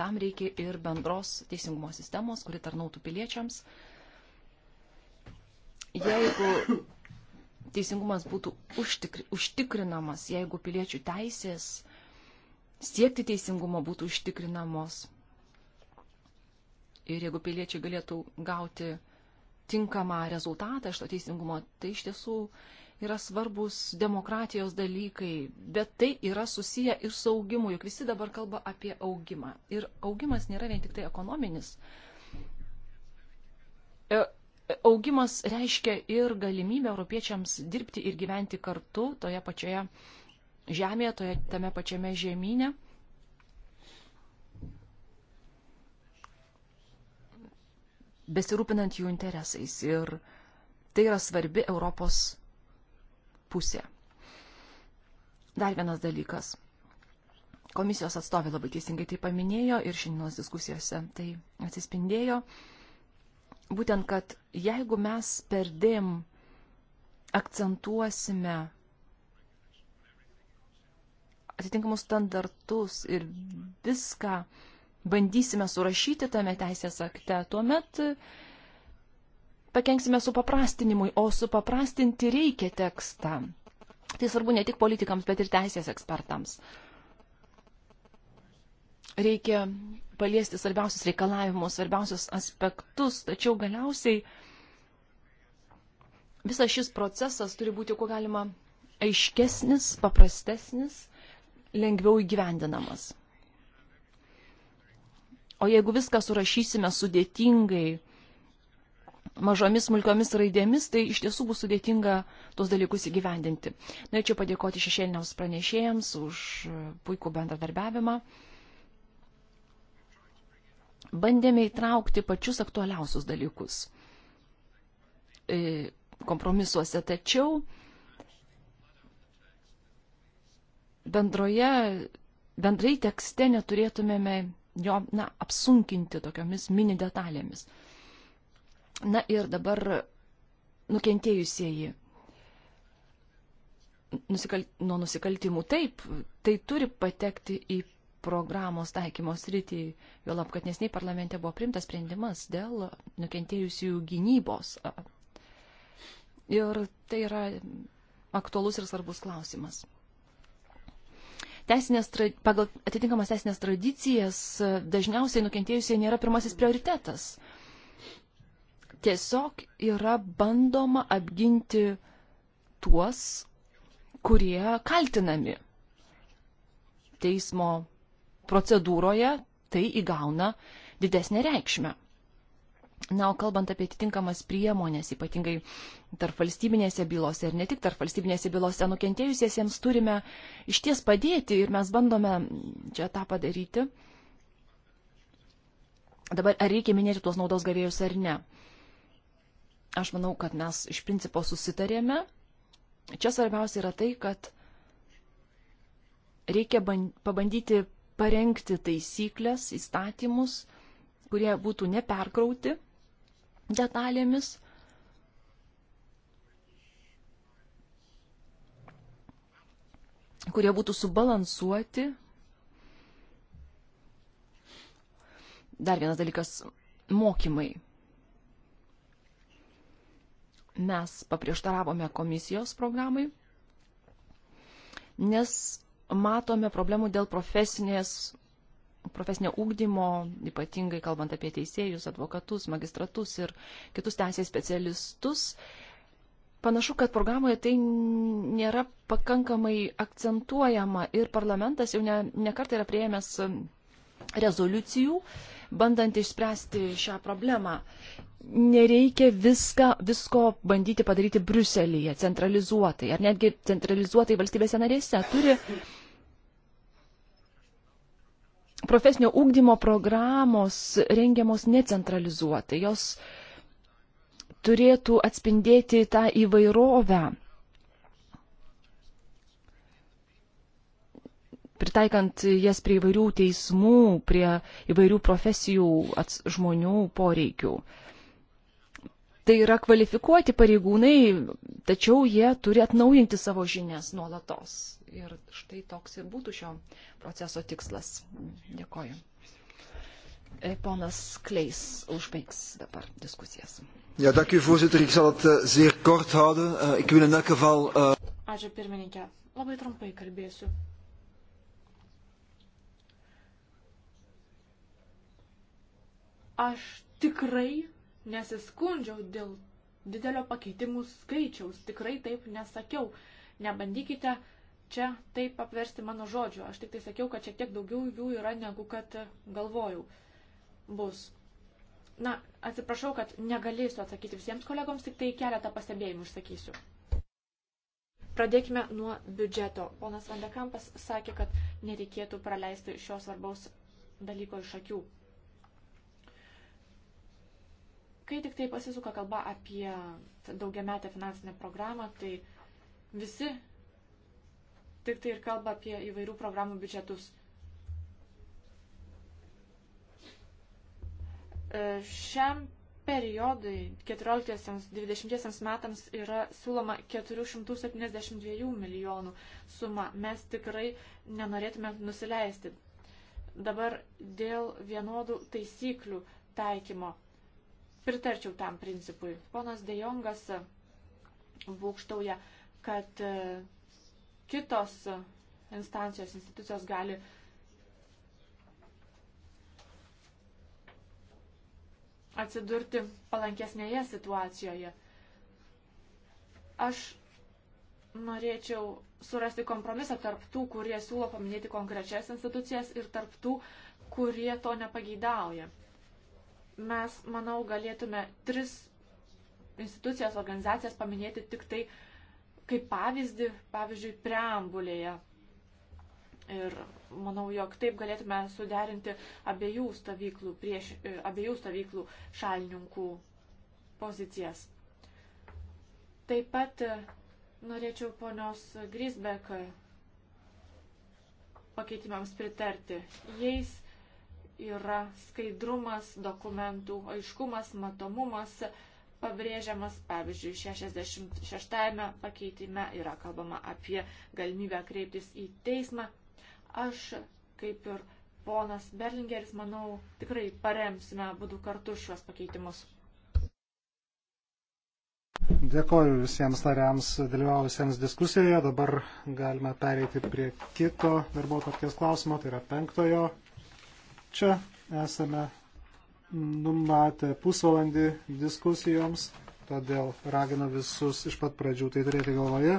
Tam reikia ir bendros teisingumo sistemos, kuri tarnautų piliečiams. Jeigu teisingumas būtų užtikri, užtikrinamas, jeigu piliečių teisės siekti teisingumo būtų užtikrinamos. Ir jeigu piliečiai galėtų gauti tinkamą rezultatą iš to teisingumo, tai iš tiesų yra svarbus demokratijos dalykai, bet tai yra susiję ir su augimu, juk visi dabar kalba apie augimą. Ir augimas nėra vien tik tai ekonominis. E, augimas reiškia ir galimybę europiečiams dirbti ir gyventi kartu toje pačioje žemėje, toje tame pačiame žemynė. besirūpinant jų interesais. Ir tai yra svarbi Europos pusė. Dar vienas dalykas. Komisijos atstovė labai teisingai tai paminėjo ir šiandienos diskusijose tai atsispindėjo. Uh, būtent, kad jeigu mes perdėm akcentuosime atitinkamus standartus ir viską bandysime surašyti tame teisės akte, tuomet pakenksime su paprastinimui, o su paprastinti reikia tekstą. Tai svarbu ne tik politikams, bet ir teisės ekspertams. Uh, reikia paliesti svarbiausius reikalavimus, svarbiausius aspektus, tačiau galiausiai visas šis procesas turi būti kuo galima aiškesnis, paprastesnis, lengviau įgyvendinamas. O jeigu viską surašysime sudėtingai, mažomis smulkiomis raidėmis, tai iš tiesų bus sudėtinga tuos dalykus įgyvendinti. Norėčiau padėkoti šešėliniams pranešėjams už puikų bendradarbiavimą bandėme įtraukti pačius aktualiausius dalykus e, kompromisuose, tačiau bendroje, bendrai tekste neturėtumėme jo, na, apsunkinti tokiomis mini detalėmis. Na ir dabar nukentėjusieji nusikal... nuo nusikaltimų. Taip, tai turi patekti į programos taikymos rytį, juolab, kad nesnei parlamente buvo primtas sprendimas dėl nukentėjusių gynybos. Ir tai yra aktualus ir svarbus klausimas. Teisinės, pagal atitinkamas teisinės tradicijas dažniausiai nukentėjusiai nėra pirmasis prioritetas. Tiesiog yra bandoma apginti tuos, kurie kaltinami teismo procedūroje tai įgauna didesnę reikšmę. Na, o kalbant apie atitinkamas priemonės, ypatingai tarp valstybinėse bylose ir ne tik tarp valstybinėse bylose nukentėjusiesiems turime iš ties padėti ir mes bandome čia tą padaryti. Dabar ar reikia minėti tuos naudos gavėjus ar ne? Aš manau, kad mes iš principo susitarėme. Čia svarbiausia yra tai, kad reikia bandyti parengti taisyklės, įstatymus, kurie būtų neperkrauti detalėmis. kurie būtų subalansuoti. Dar vienas dalykas - mokymai. Mes paprieštaravome komisijos programai, nes matome problemų dėl profesinės, profesinio ūkdymo, ypatingai kalbant apie teisėjus, advokatus, magistratus ir kitus teisės specialistus. Panašu, kad programoje tai nėra pakankamai akcentuojama ir parlamentas jau nekart ne, ne yra prieėmęs rezoliucijų, bandant išspręsti šią problemą. Nereikia viską, visko bandyti padaryti Bruselėje, centralizuotai, ar netgi centralizuotai valstybėse narėse. Turi profesinio ūkdymo programos rengiamos necentralizuotai. Jos turėtų atspindėti tą įvairovę, pritaikant jas prie įvairių teismų, prie įvairių profesijų žmonių poreikių. Tai yra kvalifikuoti pareigūnai, tačiau jie turi atnaujinti savo žinias nuolatos Ir štai toks ir būtų šio proceso tikslas. Dėkoju. E, ponas Kleis užbaigs dabar diskusijas. Ja, dank u voorzitter. Ik zal het uh, zeer kort houden. Uh, ik wil in elk geval. Uh... Ačiū pirmininkė. Labai trumpai kalbėsiu. Aš tikrai nesiskundžiau dėl didelio pakeitimų skaičiaus. Tikrai taip nesakiau. Nebandykite uh, čia taip apversti mano žodžių. Aš tik tai sakiau, kad šiek tiek daugiau jų yra, negu kad galvojau bus. Na, atsiprašau, kad negalėsiu atsakyti visiems kolegoms, tik tai keletą pastebėjimų išsakysiu. Pradėkime nuo biudžeto. Ponas Vandekampas sakė, kad nereikėtų praleisti šios svarbaus dalyko iš akių. Kai tik tai pasisuka kalba apie daugiametę finansinę programą, tai visi tik tai ir kalba apie įvairių programų biudžetus. E, šiam periodui 14-20 metams yra siūloma 472 milijonų suma. Mes tikrai nenorėtume nusileisti. Dabar dėl vienodų taisyklių taikymo. Pritarčiau tam principui. Ponas Dejongas būkštauja, kad e, kitos instancijos, institucijos gali atsidurti palankesnėje situacijoje. Aš norėčiau surasti kompromisą tarp tų, kurie siūlo paminėti konkrečias institucijas ir tarp tų, kurie to nepageidauja. Mes, manau, galėtume tris institucijas, organizacijas paminėti tik tai uh, kaip pavyzdį, pavyzdžiui, preambulėje. Ir manau, jog taip galėtume suderinti abiejų stovyklų, prieš, e, abiejų stovyklų šalininkų pozicijas. Taip pat e, norėčiau ponios Grisbek pakeitimams pritarti. Jais yra skaidrumas, dokumentų aiškumas, matomumas, pabrėžiamas, pavyzdžiui, 66 pakeitime yra kalbama apie galimybę kreiptis į teismą. Aš, kaip ir ponas Berlingeris, manau, tikrai paremsime būdų kartu šiuos pakeitimus. Dėkoju visiems nariams dalyvavusiems diskusijoje. Dabar galime pereiti prie kito darbo tvarkės klausimo, tai yra penktojo. Čia esame numatę pusvalandį diskusijoms, todėl raginu visus iš pat pradžių tai turėti galvoje,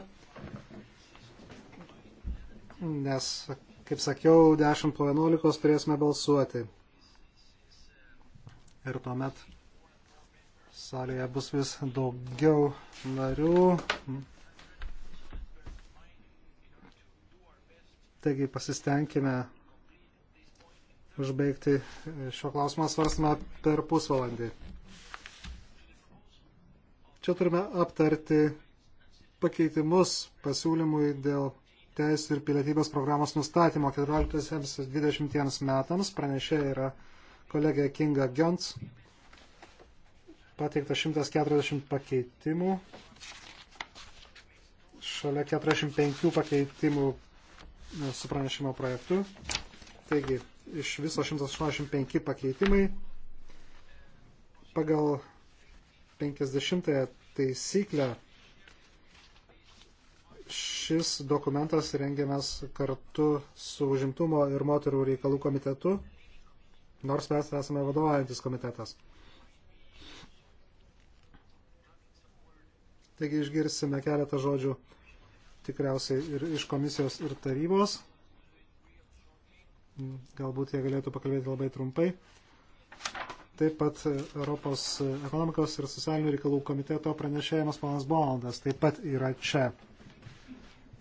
nes, kaip sakiau, 10 po 11 turėsime balsuoti. Ir tuomet salėje bus vis daugiau narių. Taigi pasistengime užbaigti šio klausimo svarstymą per pusvalandį. Čia turime aptarti pakeitimus pasiūlymui dėl teisų ir pilietybės programos nustatymo 14-20 metams. Pranešė yra kolegė Kinga Gjons. Pateikta 140 pakeitimų. Šalia 45 pakeitimų su pranešimo projektu. Taigi, iš viso 185 pakeitimai pagal 50 taisyklę šis dokumentas rengiamas kartu su užimtumo ir moterų reikalų komitetu, nors mes esame vadovaujantis komitetas. Taigi išgirsime keletą žodžių tikriausiai ir iš komisijos ir tarybos galbūt jie galėtų pakalbėti labai trumpai. Taip pat Europos ekonomikos ir socialinių reikalų komiteto pranešėjimas ponas Bonaldas taip pat yra čia.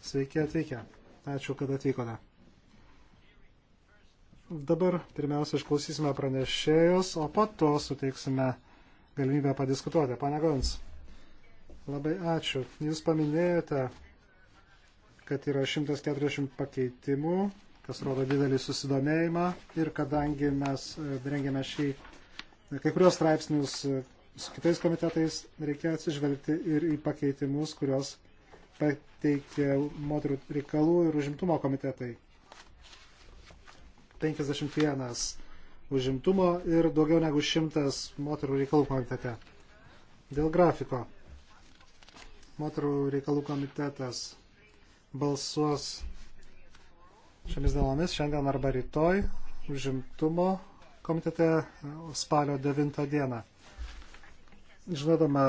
Sveiki atvykę. Ačiū, kad atvykote. Dabar pirmiausia išklausysime pranešėjus, o po to suteiksime galimybę padiskutuoti. Pane Gons, labai ačiū. Jūs paminėjote, kad yra 140 pakeitimų kas rodo didelį susidomėjimą ir kadangi mes e, rengėme šį, e, kai kurios straipsnius e, su kitais komitetais, reikia atsižvelgti ir į pakeitimus, kuriuos pateikė moterų reikalų ir užimtumo komitetai. 51 užimtumo ir daugiau negu 100 moterų reikalų komitete. Dėl grafiko. Moterų reikalų komitetas balsuos šiomis dienomis, šiandien arba rytoj, užimtumo komitete spalio 9 dieną. Žinodama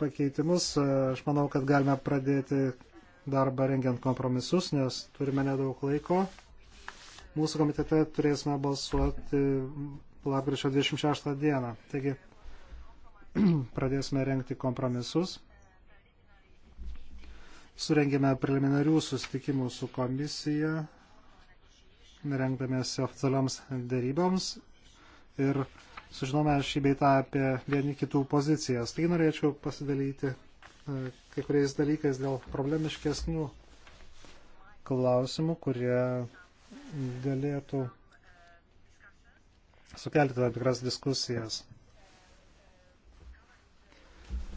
pakeitimus, aš manau, kad galime pradėti darbą rengiant kompromisus, nes turime nedaug laiko. Mūsų komitete turėsime balsuoti lapkričio 26 dieną. Taigi pradėsime renkti kompromisus. Surengėme preliminarių susitikimų su komisija rengdamėsi oficialioms dėryboms ir sužinome šį beitą apie vieni kitų pozicijas. Tai norėčiau pasidalyti e, kai kuriais dalykais dėl problemiškesnių klausimų, kurie galėtų sukelti tam tikras diskusijas.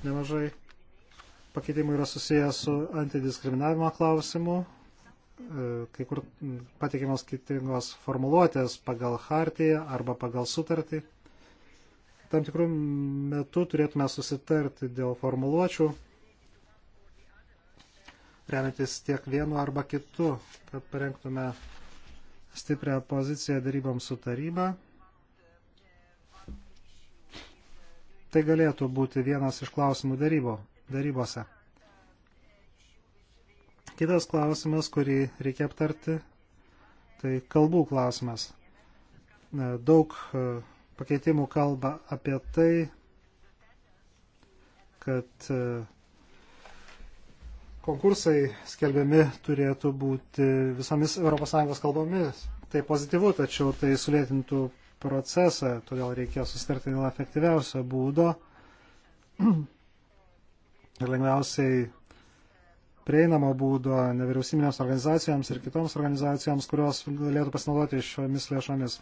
Nemažai pakeitimų yra susijęs su antidiskriminavimo klausimu, kai kur patikimos skirtingos formuluotės pagal hartiją arba pagal sutartį. Tam tikrų metų turėtume susitarti dėl formuluočių, remiantis tiek vienu arba kitu, kad parengtume stiprią poziciją darybams su taryba. Tai galėtų būti vienas iš klausimų darybo, darybose. Kitas klausimas, kurį reikia aptarti, tai kalbų klausimas. E, daug e, pakeitimų kalba apie tai, kad e, konkursai skelbiami turėtų būti visomis ES kalbomis. Tai pozityvu, tačiau tai sulėtintų procesą, todėl reikėjo susitarti dėl efektyviausio būdo ir lengviausiai prieinamo būdo nevyriausybinėms organizacijoms ir kitoms organizacijoms, kurios galėtų pasinaudoti šiomis lėšomis.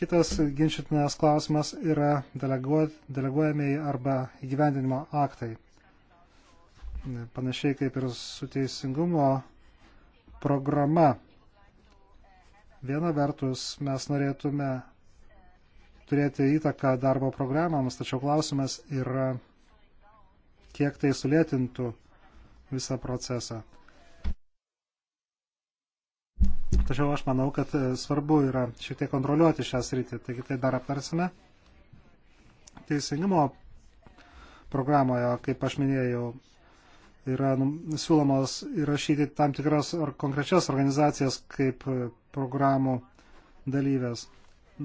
Kitas ginčytinės klausimas yra deleguojamiai arba įgyvendinimo aktai. Panašiai kaip ir su teisingumo programa. Viena vertus mes norėtume turėti įtaką darbo programams, tačiau klausimas yra, kiek tai sulėtintų visą procesą. Tačiau aš manau, kad e, svarbu yra šiek tiek kontroliuoti šią sritį, taigi tai dar aptarsime. Teisingumo programoje, kaip aš minėjau, yra nu, siūlomos įrašyti tam tikras ar konkrečias organizacijas kaip e, programų dalyvės.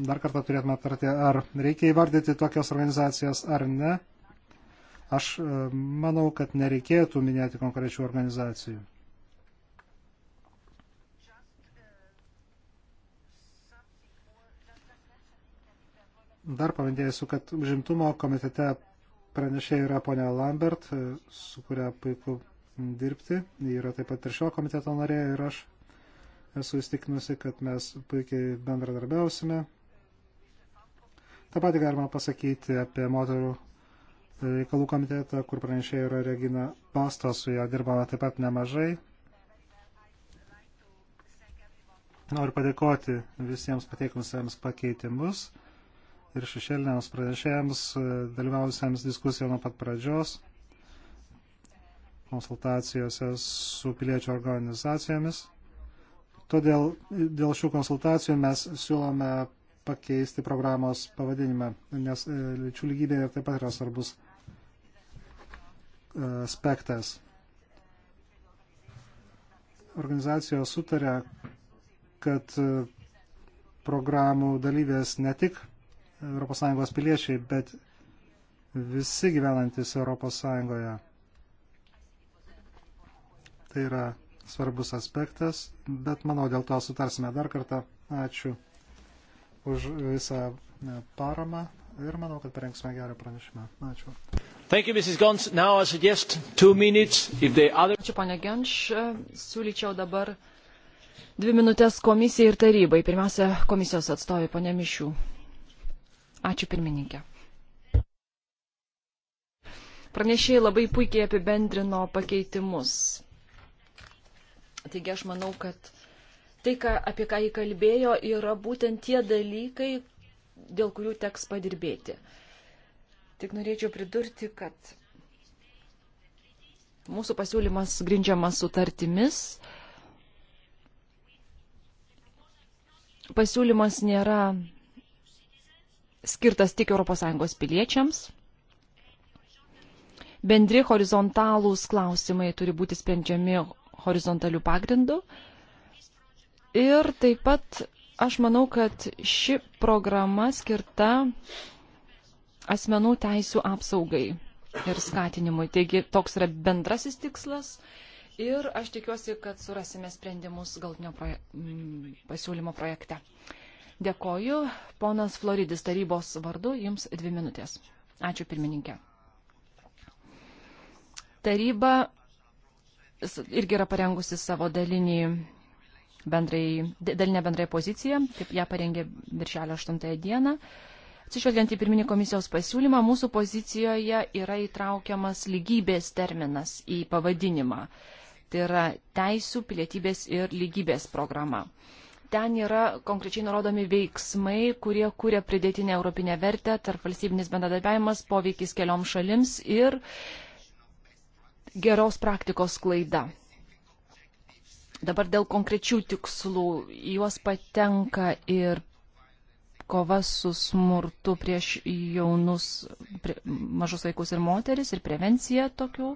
Dar kartą turėtume aptarti, ar reikia įvardyti tokias organizacijas ar ne. Aš e, manau, kad nereikėtų minėti konkrečių organizacijų. Dar pamindėsiu, kad užimtumo komitete pranešė yra ponia Lambert, e, su kuria puiku dirbti. Ji yra taip pat ir šio komiteto narė ir aš esu įstikinusi, kad mes puikiai bendradarbiausime. Ta pati galima pasakyti apie moterų reikalų komitetą, kur pranešė yra Regina Pasto, su ją dirbama taip pat nemažai. Noriu padėkoti visiems pateikusiems pakeitimus ir šešėliniams pranešėjams, dalyvavusiems diskusiją nuo pat pradžios, konsultacijose su piliečių organizacijomis. Todėl dėl šių konsultacijų mes siūlome pakeisti programos pavadinimą, nes e, lyčių lygybė ir taip pat yra svarbus aspektas. Organizacijos sutarė, kad programų dalyvės ne tik ES piliečiai, bet visi gyvenantis ES. Tai yra svarbus aspektas, bet manau dėl to sutarsime dar kartą. Ačiū už visą e, paramą ir manau, kad parengsime gerą pranešimą. Ačiū. You, other... Ačiū, ponia Genš. Siūlyčiau dabar dvi minutės komisijai ir tarybai. Pirmiausia, komisijos atstovė, ponia Mišių. Ačiū, pirmininkė. Pranešėjai labai puikiai apibendrino pakeitimus. Taigi aš manau, kad tai, ką, apie ką jį kalbėjo, yra būtent tie dalykai, dėl kurių teks padirbėti. Uh, Tik norėčiau pridurti, kad mūsų pasiūlymas grindžiamas sutartimis. Pasiūlymas nėra skirtas tik ES piliečiams. Bendri horizontalūs klausimai turi būti sprendžiami horizontalių pagrindų. Ir taip pat aš manau, kad ši programa skirta asmenų teisų apsaugai ir skatinimui. Taigi toks yra bendrasis tikslas ir aš tikiuosi, kad surasime sprendimus galtinio proje pasiūlymo projekte. Dėkoju, ponas Floridis tarybos vardu, jums dvi minutės. Ačiū pirmininkė. Taryba irgi yra parengusi savo dalinį bendrai, dalinę bendrąją poziciją, kaip ją parengė viršelio 8 dieną. Atsižvelgiant į pirminį komisijos pasiūlymą, mūsų pozicijoje yra įtraukiamas lygybės terminas į pavadinimą. Tai yra teisų, pilietybės ir lygybės programa. Ten yra konkrečiai nurodomi veiksmai, kurie kūrė pridėtinę europinę vertę, tarp valstybinis bendradarbiavimas, poveikis keliom šalims ir geros praktikos klaida. Dabar dėl konkrečių tikslų juos patenka ir kova su smurtu prieš jaunus, prie, mažus vaikus ir moteris ir prevencija tokių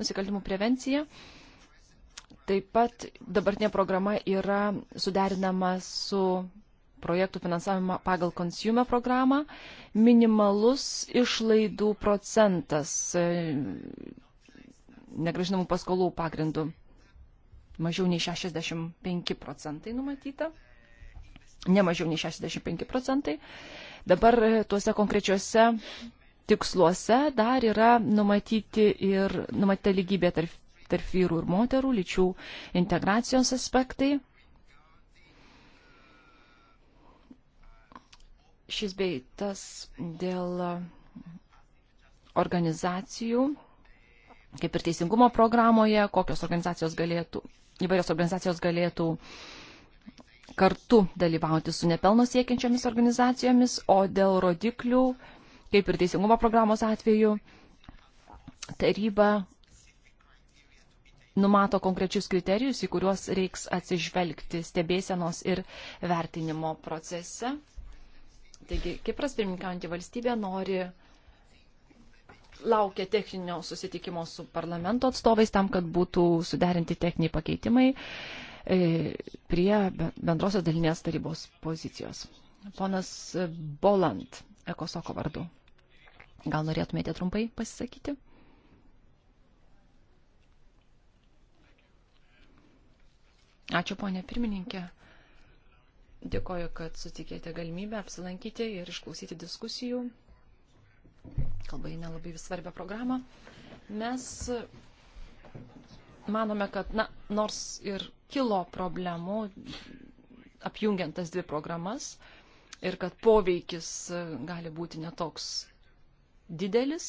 nusikaltimų prevencija. Taip pat dabartinė programa yra suderinama su projektų finansavimą pagal konsumer programą. Minimalus išlaidų procentas e, negražinamų paskolų pagrindų mažiau nei 65 procentai numatyta nemažiau nei 65 procentai. Dabar e, tuose konkrečiuose tiksluose dar yra numatyti ir numatyta lygybė tarp, tarp vyrų ir moterų, lyčių integracijos aspektai. Šis beitas dėl organizacijų, kaip ir teisingumo programoje, kokios organizacijos galėtų, įvairios organizacijos galėtų uh, kartu dalyvauti su nepelno siekiančiomis organizacijomis, o dėl rodiklių, kaip ir teisingumo programos atveju, taryba numato konkrečius kriterijus, į kuriuos reiks atsižvelgti stebėsenos ir vertinimo procese. Taigi, Kipras pirmininkaujantį valstybę nori laukia techninio susitikimo su parlamento atstovais tam, kad būtų suderinti techniniai pakeitimai. Uh, E, prie bendrosios dalinės tarybos pozicijos. Ponas Boland, Ekosoko vardu. Gal norėtumėte trumpai pasisakyti? Ačiū, ponė pirmininkė. Dėkoju, kad sutikėte galimybę apsilankyti ir išklausyti diskusijų. Kalba eina labai svarbią programą. Mes manome, kad na, nors ir kilo problemų apjungiant tas dvi programas ir kad poveikis e, gali būti netoks didelis,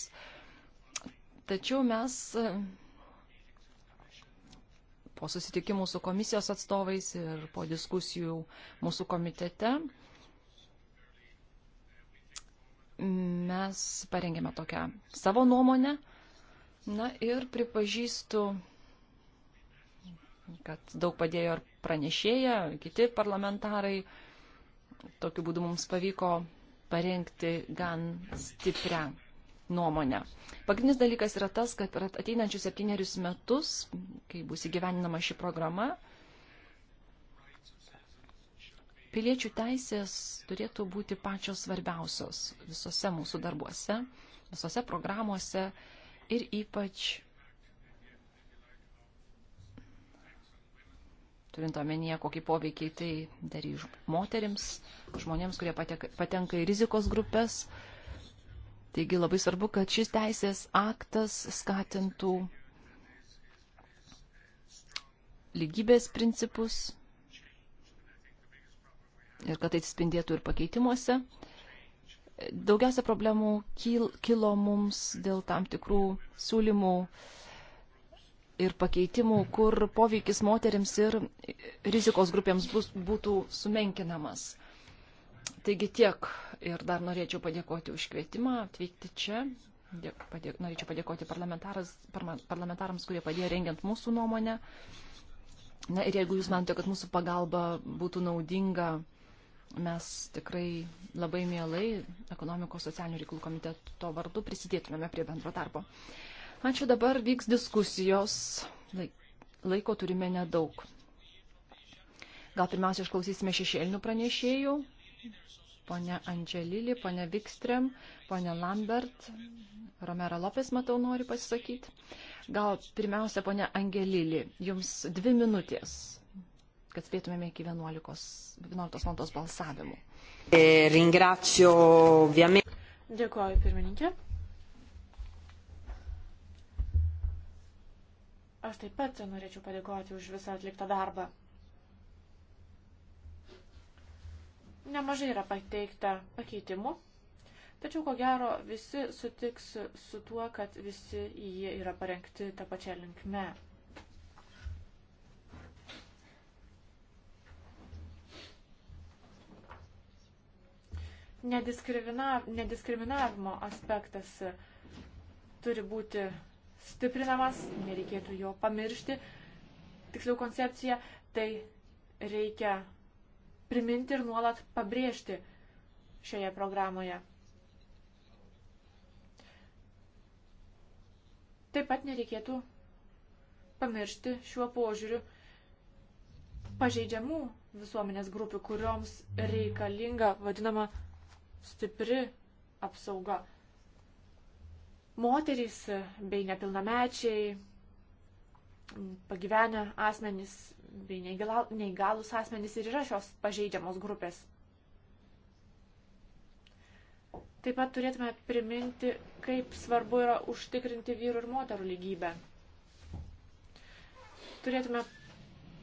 tačiau mes e, po susitikimų su komisijos atstovais ir po diskusijų mūsų komitete mes parengėme tokią savo nuomonę. Na ir pripažįstu kad daug padėjo ir pranešėja, kiti parlamentarai. Tokiu būdu mums pavyko parengti gan stiprią nuomonę. Pagrindinis dalykas yra tas, kad per ateinančius septynerius metus, kai bus įgyveninama ši programa, piliečių teisės turėtų būti pačios svarbiausios visose mūsų darbuose, visose programuose ir ypač turint omenyje, kokį poveikį tai darys moterims, žmonėms, kurie patenka į rizikos grupės. Taigi labai svarbu, kad šis teisės aktas skatintų lygybės principus ir kad tai atsispindėtų ir pakeitimuose. Daugiausia problemų kil, kilo mums dėl tam tikrų siūlymų uh, ir pakeitimų, kur poveikis moteriams ir rizikos grupėms bus, būtų sumenkinamas. Taigi tiek ir dar norėčiau padėkoti už kvietimą atvykti čia. Dėk, padėk, norėčiau padėkoti parlamentarams, kurie padėjo rengiant mūsų nuomonę. Na ir jeigu jūs manote, kad mūsų pagalba būtų naudinga, mes tikrai labai mielai ekonomikos socialinių reikalų komiteto vardu prisidėtumėme prie bendro darbo. Ačiū, dabar vyks diskusijos. Laiko turime nedaug. Gal pirmiausia išklausysime šešėlinių pranešėjų. Pone Andželili, pone Vikstrem, pone Lambert, Romera Lopes, matau, nori pasisakyti. Gal pirmiausia, pone Angelili, jums dvi minutės kad spėtumėme iki 11, 11 valandos balsavimų. E, ringrazio, ovviamente. Dėkuoju, pirmininkė. Aš taip pat norėčiau padėkoti už visą atliktą darbą. Nemažai yra pateikta pakeitimų, tačiau ko gero visi sutiks su tuo, kad visi jie yra parengti tą pačią linkme. nediskriminavimo aspektas turi būti stiprinamas, nereikėtų jo pamiršti, tiksliau koncepcija, tai reikia priminti ir nuolat pabrėžti šioje programoje. Taip pat nereikėtų pamiršti šiuo požiūriu pažeidžiamų visuomenės grupių, kurioms reikalinga vadinama stipri apsauga. Moterys bei nepilnamečiai, pagyvenę asmenys bei neįgalus asmenys ir yra šios pažeidžiamos grupės. Taip pat turėtume priminti, kaip svarbu yra užtikrinti vyrų ir moterų lygybę. Turėtume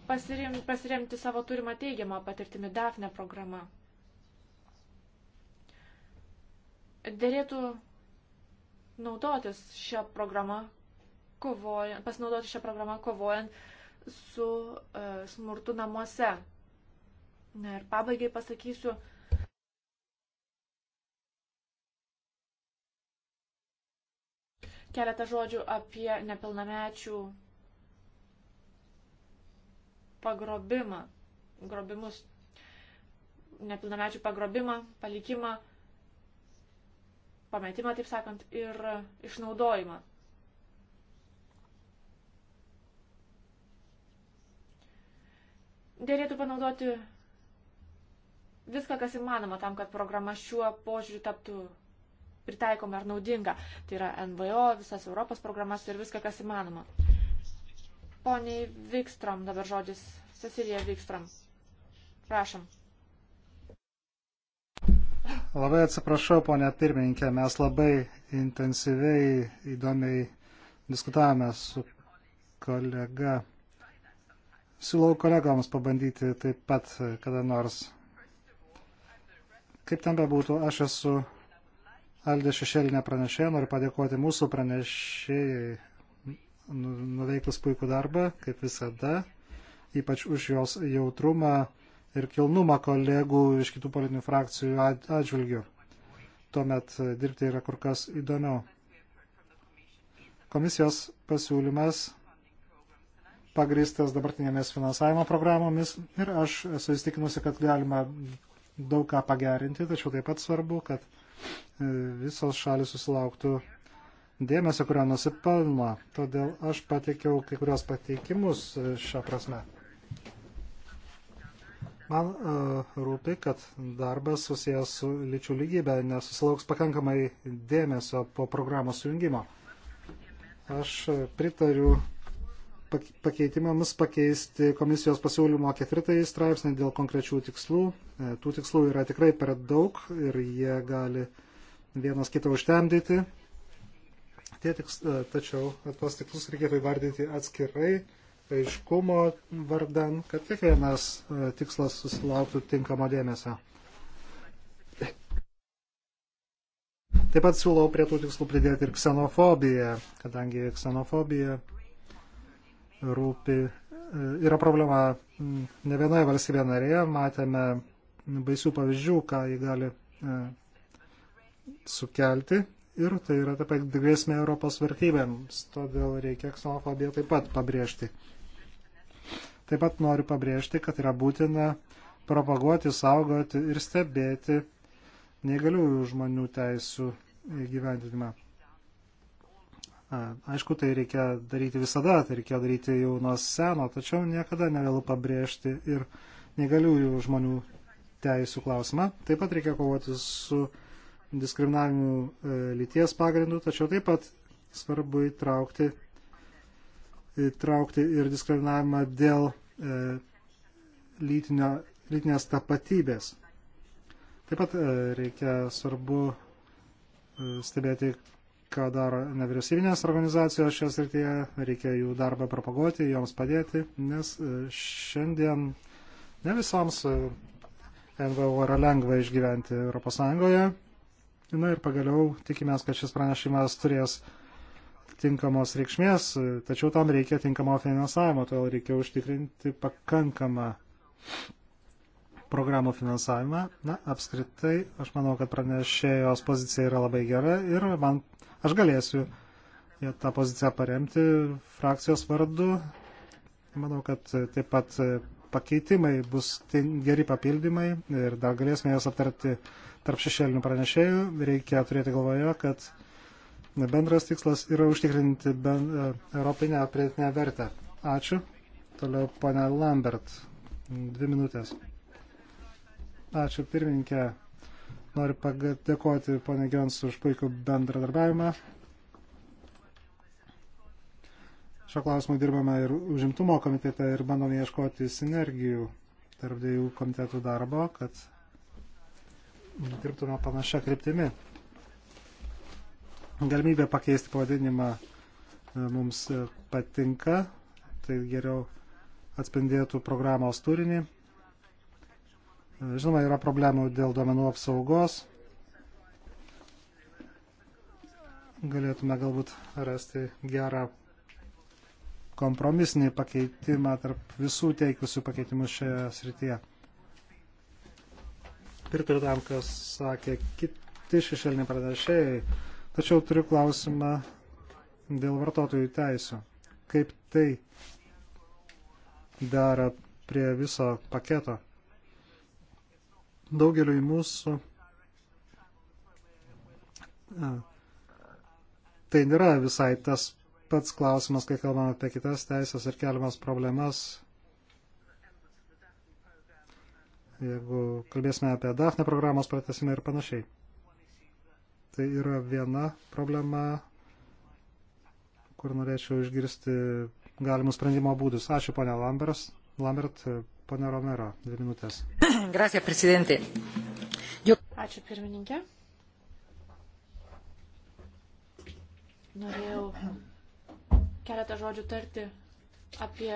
pasirem, pasiremti savo turimą teigiamą patirtimį DAFNE programą. Dėlėtų naudotis šią programą, kovojant, pasinaudoti šią programą kovojant su uh, smurtu namuose. Na ir pabaigai pasakysiu. Keletą žodžių apie nepilnamečių pagrobimą, grobimus, nepilnamečių pagrobimą, palikimą pametimą, taip sakant, ir išnaudojimą. Dėlėtų panaudoti viską, kas įmanoma tam, kad programa šiuo požiūriu taptų pritaikoma ar naudinga. Tai yra NVO, visas Europos programas ir viską, kas įmanoma. Poniai Vikstrom, dabar žodis Cecilija Vikstrom. Prašom. Labai atsiprašau, ponė pirmininkė, mes labai intensyviai, įdomiai diskutavome su kolega. Siūlau kolegoms pabandyti taip pat kada nors. Kaip ten bebūtų, aš esu Aldė Šešėlinė pranešėja, noriu padėkoti mūsų pranešėjai nu, nuveikus puikų darbą, kaip visada, ypač už jos jautrumą ir kilnumą kolegų iš kitų politinių frakcijų atžvilgių. Tuomet e, dirbti yra kur kas įdomiau. Komisijos pasiūlymas pagristas dabartinėmis finansavimo programomis ir aš esu įstikinusi, kad galima daug ką pagerinti, tačiau taip pat svarbu, kad e, visos šalis susilauktų dėmesio, kurio nusipelno. Todėl aš pateikiau kai kurios pateikimus e, šią prasme. Man uh, rūpi, kad darbas susijęs su lyčių lygybė nesusilauks pakankamai dėmesio po programos sujungimo. Aš pritariu pakeitimams pakeisti komisijos pasiūlymo ketvirtąjį straipsnį dėl konkrečių tikslų. E, tų tikslų yra tikrai per daug ir jie gali vienas kitą užtemdyti. Tie tiks, e, tačiau tuos tikslus reikėtų įvardyti atskirai aiškumo vardan, kad kiekvienas e, tikslas susilauktų tinkamo dėmesio. Taip pat siūlau prie tų tikslų pridėti ir ksenofobiją, kadangi ksenofobija rūpi, e, yra problema ne vienoje valstybėje narėje, matėme baisių pavyzdžių, ką jį gali e, sukelti ir tai yra taip pat grėsmė Europos vertybėms, todėl reikia ksenofobiją taip pat pabrėžti. Taip pat noriu pabrėžti, kad yra būtina propaguoti, saugoti ir stebėti neįgaliųjų žmonių teisų įgyvendinimą. Aišku, tai reikia daryti visada, tai reikia daryti jau nuo seno, tačiau niekada nevėlu pabrėžti ir neįgaliųjų žmonių teisų klausimą. Taip pat reikia kovoti su diskriminavimu e, lyties pagrindu, tačiau taip pat svarbu įtraukti įtraukti ir diskriminavimą dėl e, lytinio, lytinės tapatybės. Taip pat e, reikia svarbu e, stebėti, ką daro nevyriausybinės organizacijos šios srityje, reikia jų darbą propaguoti, joms padėti, nes šiandien ne visoms NVO yra lengva išgyventi ES. Na ir pagaliau tikimės, kad šis pranešimas turės uh, tinkamos reikšmės, tačiau tam reikia tinkamo finansavimo, todėl reikia užtikrinti pakankamą programų finansavimą. Na, apskritai, aš manau, kad pranešėjos pozicija yra labai gera ir man, aš galėsiu tą poziciją paremti frakcijos vardu. Manau, kad taip pat pakeitimai bus geri papildymai ir dar galėsime jas aptarti tarp šešėlinių pranešėjų. Reikia turėti galvoje, kad Bendras tikslas yra užtikrinti ben, e, europinę pridėtinę vertę. Ačiū. Toliau ponia Lambert. Dvi minutės. Ačiū pirmininkė. Noriu padėkoti ponia Gions už puikų bendradarbiavimą. Šio klausimu dirbame ir užimtumo komitete ir bandome ieškoti sinergijų tarp dviejų komitetų darbo, kad dirbtume panašią kryptimį. Galimybė pakeisti pavadinimą e, mums e, patinka, tai geriau atspindėtų programos turinį. E, žinoma, yra problemų dėl duomenų apsaugos. Galėtume galbūt rasti gerą kompromisinį pakeitimą tarp visų teikusių pakeitimų šioje srityje. Pritariu tam, kas sakė kiti šešėliniai pranešėjai Tačiau turiu klausimą dėl vartotojų teisų. Kaip tai dera prie viso paketo? Daugeliu į mūsų tai nėra visai tas pats klausimas, kai kalbame apie kitas teisės ir keliamas problemas. Jeigu kalbėsime apie DAFNE programos pratesimą ir panašiai. Tai yra viena problema, kur norėčiau išgirsti galimus sprendimo būdus. Ačiū, ponia Lambert. Lambert, ponia Romero, dvi minutės. Gracias, prezidentė. Ačiū, pirmininkė. Norėjau keletą žodžių tarti apie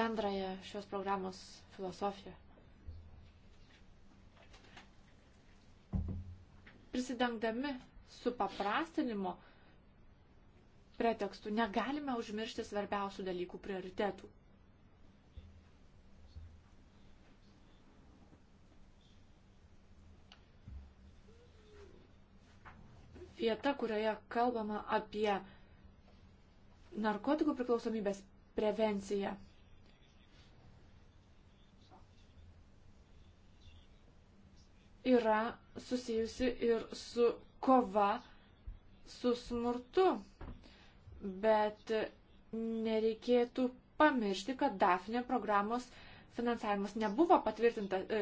bendrąją šios programos filosofiją. prisidengdami su paprastinimo pretekstu negalime užmiršti svarbiausių dalykų prioritetų. Vieta, kurioje kalbama apie narkotikų priklausomybės prevenciją yra susijusi ir su kova su smurtu. Bet nereikėtų pamiršti, kad DAFNE programos finansavimas nebuvo e,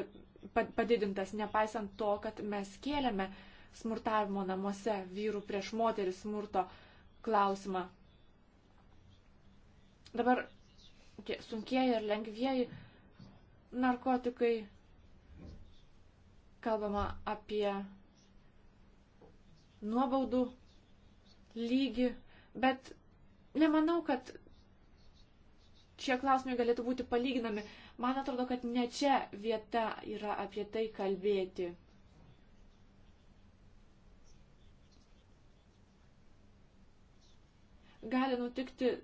padidintas, nepaisant to, kad mes kėlėme smurtavimo namuose vyrų prieš moterį smurto klausimą. Dabar sunkieji ir lengvieji narkotikai kalbama apie nuobaudų lygį, bet nemanau, kad šie klausimai galėtų būti palyginami. Man atrodo, kad ne čia vieta yra apie tai kalbėti. Gali nutikti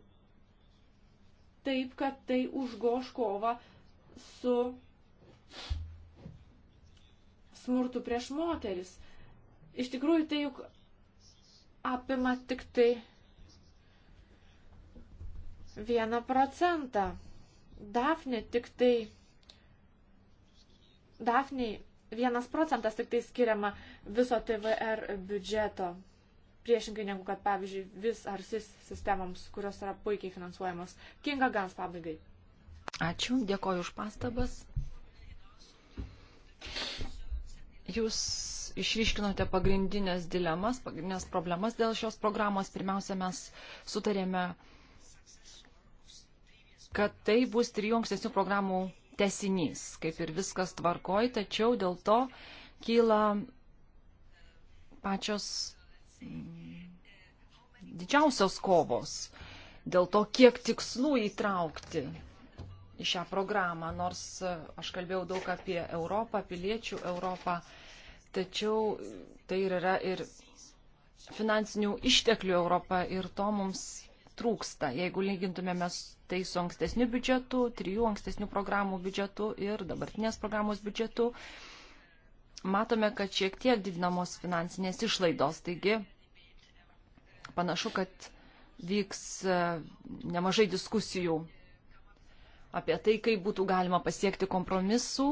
taip, kad tai užgoš kovą su smurtų prieš moteris. Iš tikrųjų, tai juk apima tik tai vieną procentą. Dafne tik tai. Dafniai vienas procentas tik tai skiriama viso TVR biudžeto. Priešingai negu kad, pavyzdžiui, vis ar sis sistemoms, kurios yra puikiai finansuojamos. Kinga Gans pabaigai. Ačiū, dėkoju už pastabas. Jūs išryškinote pagrindinės dilemas, pagrindinės problemas dėl šios programos. Pirmiausia, mes sutarėme, kad tai bus trijų ankstesnių programų tesinys, kaip ir viskas tvarkoj, tačiau dėl to kyla pačios mm, didžiausios kovos dėl to, kiek tikslų įtraukti į šią programą, nors aš kalbėjau daug apie Europą, piliečių Europą, tačiau tai ir yra ir finansinių išteklių Europą ir to mums trūksta. Jeigu lygintumėme tai su ankstesniu biudžetu, trijų ankstesnių programų biudžetu ir dabartinės programos biudžetu, matome, kad šiek tiek didinamos finansinės išlaidos. Taigi panašu, kad vyks e, nemažai diskusijų apie tai, kaip būtų galima pasiekti kompromisų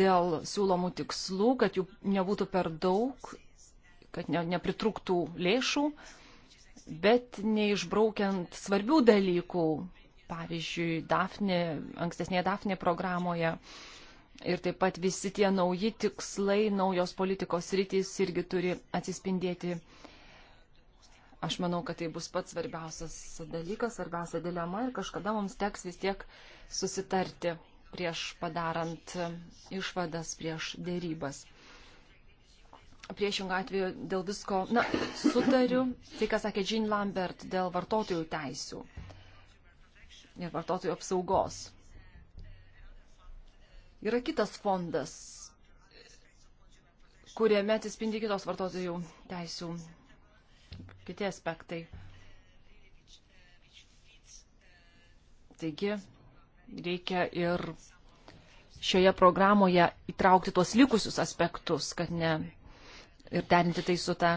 dėl siūlomų tikslų, kad jų nebūtų per daug, kad ne, nepritrūktų lėšų, bet neišbraukiant svarbių dalykų, pavyzdžiui, Dafne, ankstesnėje Dafne programoje. Ir taip pat visi tie nauji tikslai, naujos politikos rytis irgi turi atsispindėti uh, Aš manau, kad tai bus pats svarbiausias dalykas, svarbiausia dilema ir kažkada mums teks vis tiek susitarti prieš padarant išvadas, prieš dėrybas. Priešingą atveju dėl visko, na, sutariu, tai ką sakė Jean Lambert dėl vartotojų teisių ir vartotojų apsaugos. Yra kitas fondas, kuriame atsispindi kitos vartotojų teisių kiti aspektai. Taigi, reikia ir šioje programoje įtraukti tuos likusius aspektus, kad ne ir derinti tai su ta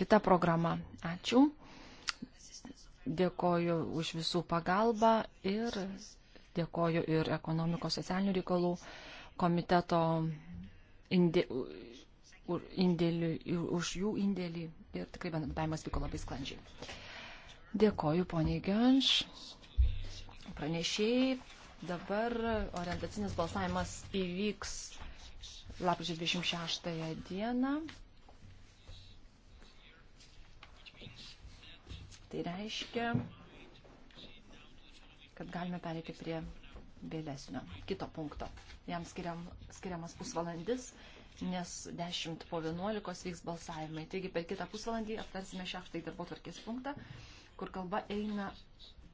kita programa. Ačiū. Dėkoju už visų pagalbą ir dėkoju ir ekonomikos socialinių reikalų komiteto indėliui, už jų indėlį ir tikrai bendradavimas vyko labai sklandžiai. Dėkoju, poniai Gionš. Pranešėjai, dabar orientacinis balsavimas įvyks lapkričio 26 dieną. Tai reiškia, kad galime pereiti prie vėlesnio kito punkto. Jam skiriam, skiriamas pusvalandis nes 10 po 11 vyks balsavimai. Taigi per kitą pusvalandį aptarsime šeštąjį darbo tvarkės punktą, kur kalba eina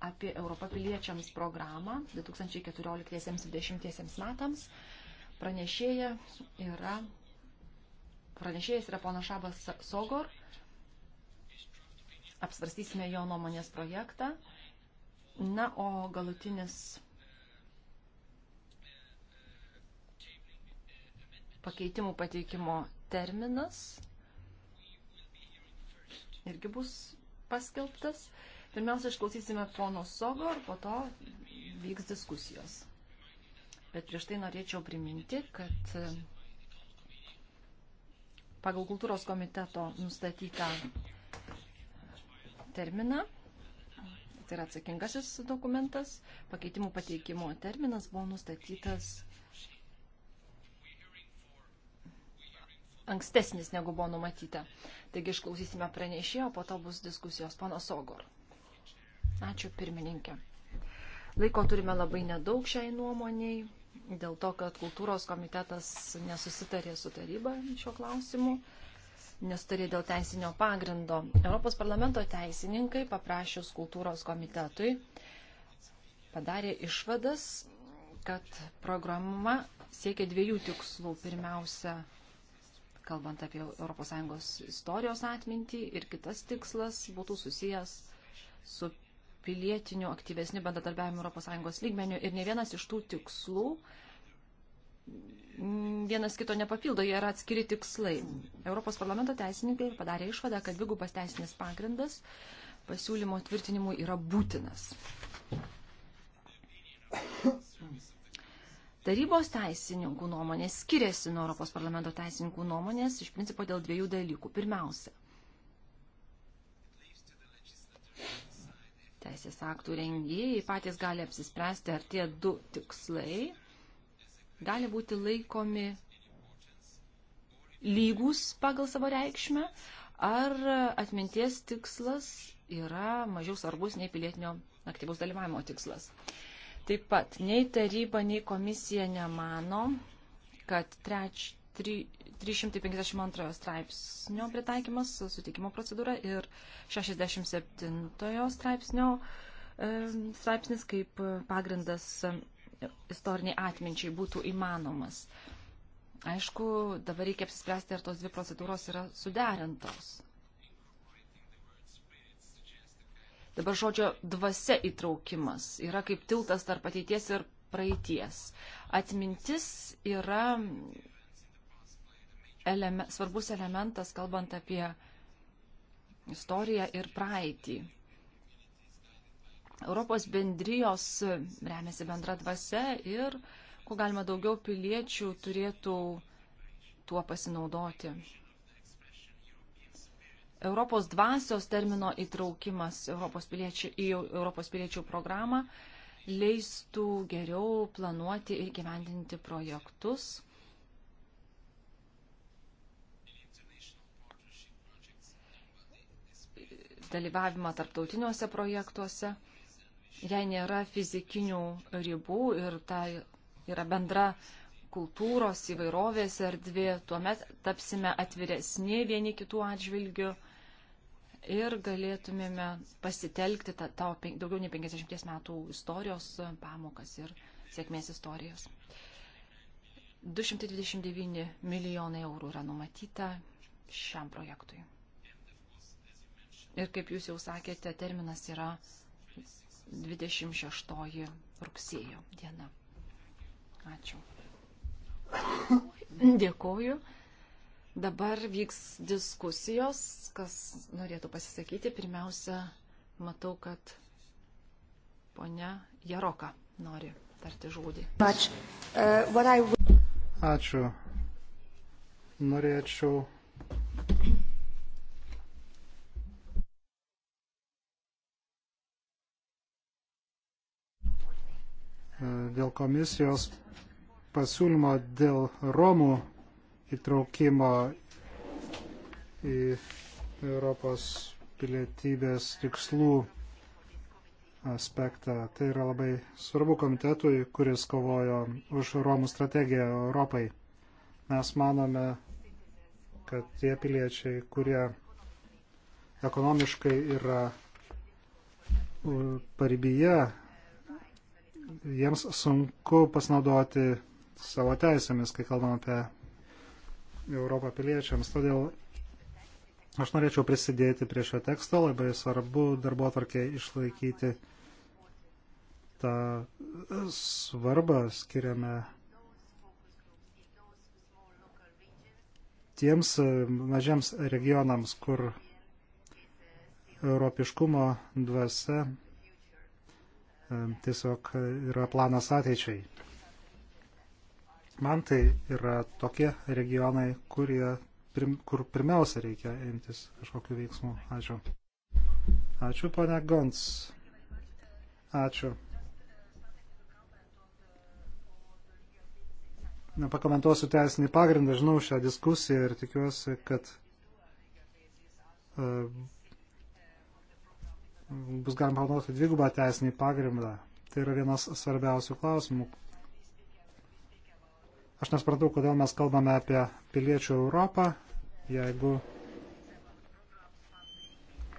apie Europą piliečiams programą 2014-2020 metams. Pranešėja yra, pranešėjas yra ponas Šabas Sogor. Apsvarstysime jo nuomonės projektą. Na, o galutinis pakeitimų pateikimo terminas irgi bus paskelbtas. Pirmiausia, išklausysime pono Sogor, po to vyks diskusijos. Bet prieš tai norėčiau priminti, kad e, pagal kultūros komiteto nustatytą terminą, tai yra atsakingasis dokumentas, pakeitimų pateikimo terminas buvo nustatytas ankstesnis negu buvo numatyta. Taigi išklausysime pranešėjo, po to bus diskusijos. Pana Sogor. Ačiū pirmininkė. Laiko turime labai nedaug šiai nuomoniai, dėl to, kad kultūros komitetas nesusitarė su taryba šiuo klausimu, nesutarė dėl teisinio pagrindo. Europos parlamento teisininkai paprašius kultūros komitetui padarė išvadas, kad programa siekia dviejų tikslų. Pirmiausia, kalbant apie ES istorijos atmintį ir kitas tikslas būtų susijęs su pilietiniu aktyvesniu bendradarbiavimu ES lygmeniu ir ne vienas iš tų tikslų vienas kito nepapildo, jie yra atskiri tikslai. Europos parlamento teisininkai padarė išvadą, kad dvigubas teisinis pagrindas pasiūlymo tvirtinimui yra būtinas. Tarybos teisininkų nuomonės skiriasi nuo Europos parlamento teisininkų nuomonės iš principo dėl dviejų dalykų. Pirmiausia, teisės aktų rengėjai patys gali apsispręsti, ar tie du tikslai gali būti laikomi lygus pagal savo reikšmę, ar atminties tikslas yra mažiau svarbus nei pilietinio aktyvaus dalyvavimo tikslas. Uh, Taip pat nei taryba, nei komisija nemano, kad treč, tri, 352 straipsnio pritaikymas sutikimo procedūra ir 67 straipsnio e, straipsnis kaip pagrindas istoriniai atminčiai būtų įmanomas. Aišku, dabar reikia apsispręsti, ar tos dvi procedūros yra suderintos. Dabar žodžio dvasia įtraukimas yra kaip tiltas tarp ateities ir praeities. Atmintis yra eleme, svarbus elementas, kalbant apie istoriją ir praeitį. Europos bendrijos remiasi bendra dvasia ir kuo galima daugiau piliečių turėtų tuo pasinaudoti. Europos dvasios termino įtraukimas Europos piliečių, į Europos piliečių programą leistų geriau planuoti ir gyvendinti projektus. dalyvavimą tarptautiniuose projektuose, jei nėra fizikinių ribų ir tai yra bendra kultūros įvairovės erdvė, tuomet tapsime atviresni vieni kitų atžvilgių ir galėtumėme pasitelkti tą, tą daugiau nei 50 metų istorijos pamokas ir sėkmės istorijos. 229 milijonai eurų yra numatyta šiam projektui. Ir kaip jūs jau sakėte, terminas yra 26 rugsėjo diena. Ačiū. Dėkoju. Dabar vyks diskusijos, kas norėtų pasisakyti. Pirmiausia, matau, kad ponia Jaroka nori tarti žodį. Uh, Ačiū. Norėčiau. Dėl komisijos pasiūlymo dėl Romų įtraukimo į Europos pilietybės tikslų aspektą. Tai yra labai svarbu komitetui, kuris kovojo už Romų strategiją Europai. Mes manome, kad tie piliečiai, kurie ekonomiškai yra paribyje, jiems sunku pasinaudoti savo teisėmis, kai kalbam apie Europą piliečiams. Todėl aš norėčiau prisidėti prie šio teksto. Labai svarbu darbo atvarkė išlaikyti tą svarbą skiriame tiems mažiems regionams, kur europiškumo dvasia e, tiesiog yra planas ateičiai. Man tai yra tokie regionai, kurie, prim, kur pirmiausia reikia imtis kažkokiu veiksmu. Ačiū. Ačiū, ponia Gons. Ačiū. Nepakomentuosiu teisinį pagrindą, žinau šią diskusiją ir tikiuosi, kad uh, bus galima panaudoti dvigubą teisinį pagrindą. Tai yra vienas svarbiausių klausimų, Aš nesuprantu, kodėl mes kalbame apie piliečių Europą, jeigu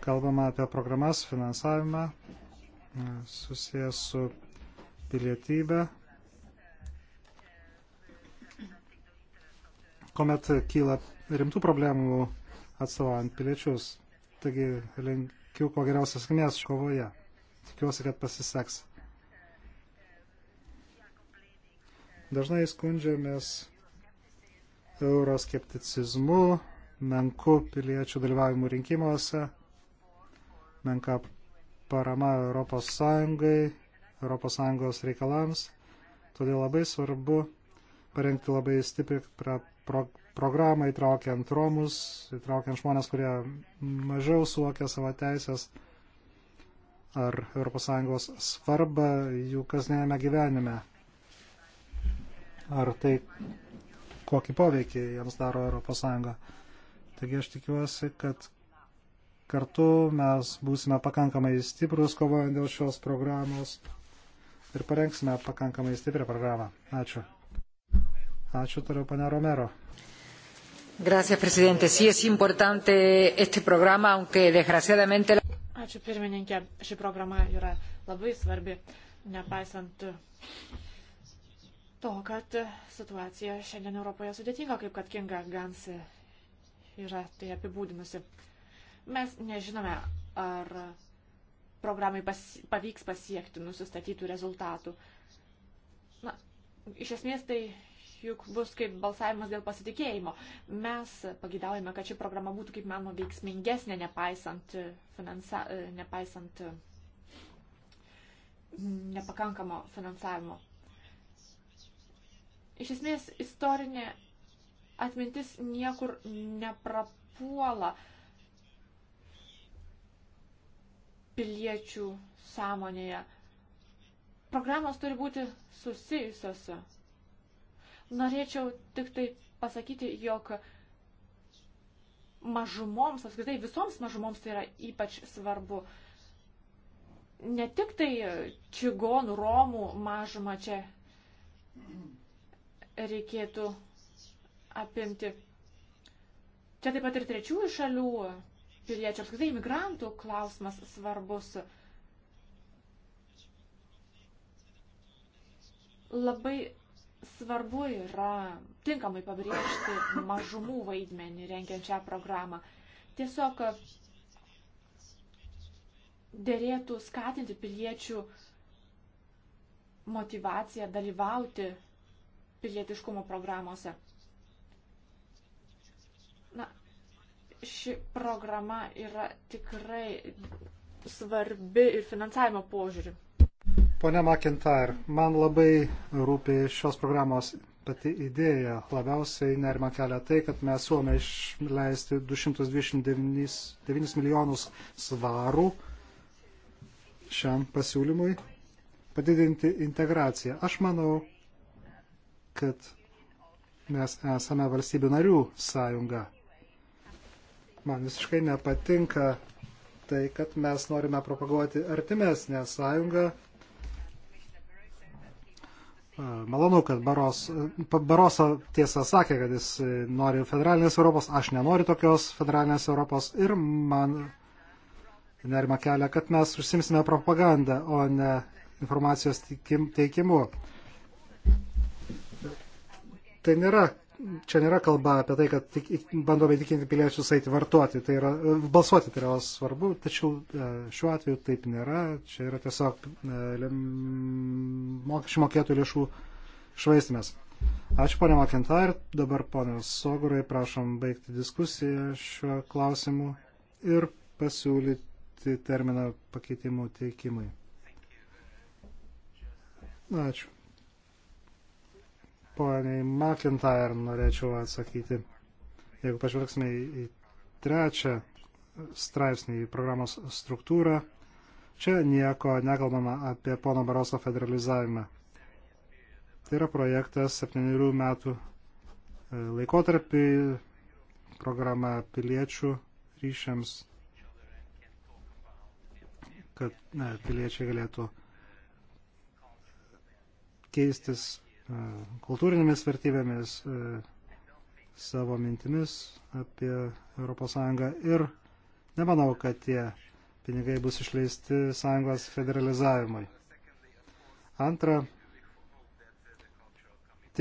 kalbame apie programas, finansavimą e, susijęs su pilietybė, kuomet kyla rimtų problemų atstovaujant piliečius. Taigi linkiu ko geriausias sėkmės kovoje. Tikiuosi, kad pasiseks. Dažnai skundžiamės euroskepticizmu, menku piliečių dalyvavimu rinkimuose, menka parama Europos Sąjungai, Europos Sąjungos reikalams. Todėl labai svarbu parengti labai stiprią pro programą, įtraukiant romus, įtraukiant žmonės, kurie mažiau suokia savo teisės ar ES svarbą jų kasdienėme gyvenime ar tai kokį poveikį jiems daro ES. Taigi aš tikiuosi, kad kartu mes būsime pakankamai stiprus kovojant dėl šios programos ir parengsime pakankamai stiprią programą. Ačiū. Ačiū toliau, pane Romero. Gracias, presidente. Sí es importante este programa, aunque desgraciadamente. Ačiū pirmininkė. Ši programa yra labai svarbi, nepaisant to, kad situacija šiandien Europoje sudėtinga, kaip kad Kinga Gans yra tai apibūdinusi. Mes nežinome, ar programai pas, pavyks pasiekti nusistatytų rezultatų. Na, iš esmės tai juk bus kaip balsavimas dėl pasitikėjimo. Mes pagidavome, kad ši programa būtų kaip mano veiksmingesnė, nepaisant, finansa, nepaisant nepakankamo finansavimo. Iš esmės, istorinė atmintis niekur neprapuola piliečių sąmonėje. Programos turi būti susijusios. Norėčiau tik tai pasakyti, jog mažumoms, apskritai visoms mažumoms tai yra ypač svarbu. Ne tik tai čigonų, romų mažuma čia reikėtų apimti. Čia taip pat ir trečiųjų šalių piliečių, apskritai imigrantų klausimas svarbus. Labai svarbu yra tinkamai pabrėžti mažumų vaidmenį rengiant šią programą. Tiesiog dėrėtų skatinti piliečių motivaciją dalyvauti pilietiškumo programuose. Na, ši programa yra tikrai svarbi ir finansavimo požiūriu. Pone McIntyre, man labai rūpi šios programos pati idėja. Labiausiai nerima kelia tai, kad mes suome išleisti 229 milijonus svarų šiam pasiūlymui padidinti integraciją. Aš manau, kad mes esame valstybių narių sąjunga. Man visiškai nepatinka tai, kad mes norime propaguoti artimesnę sąjungą. Malonu, kad Baros, Baroso tiesą sakė, kad jis nori federalinės Europos, aš nenoriu tokios federalinės Europos ir man nerima kelia, kad mes užsimsime propagandą, o ne informacijos teikimu tai nėra, čia nėra kalba apie tai, kad tik, bandome įtikinti piliečius eiti vartuoti, tai yra, e, balsuoti tai yra svarbu, tačiau e, šiuo atveju taip nėra, čia yra tiesiog e, mokesčių mokėtų lėšų švaistimas. Ačiū ponia McIntyre, dabar ponia Sogurai, prašom baigti diskusiją šiuo klausimu ir pasiūlyti terminą pakeitimų teikimui. Ačiū poniai McIntyre norėčiau atsakyti. Jeigu pažvelgsime į trečią straipsnį, į programos struktūrą, čia nieko nekalbama apie pono Baroso federalizavimą. Tai yra projektas septynerių metų e, laikotarpį, programa piliečių ryšiams, kad ne, piliečiai galėtų keistis E, kultūrinėmis vertybėmis, e, savo mintimis apie ES ir nemanau, kad tie pinigai bus išleisti sąjungos federalizavimui. Antra,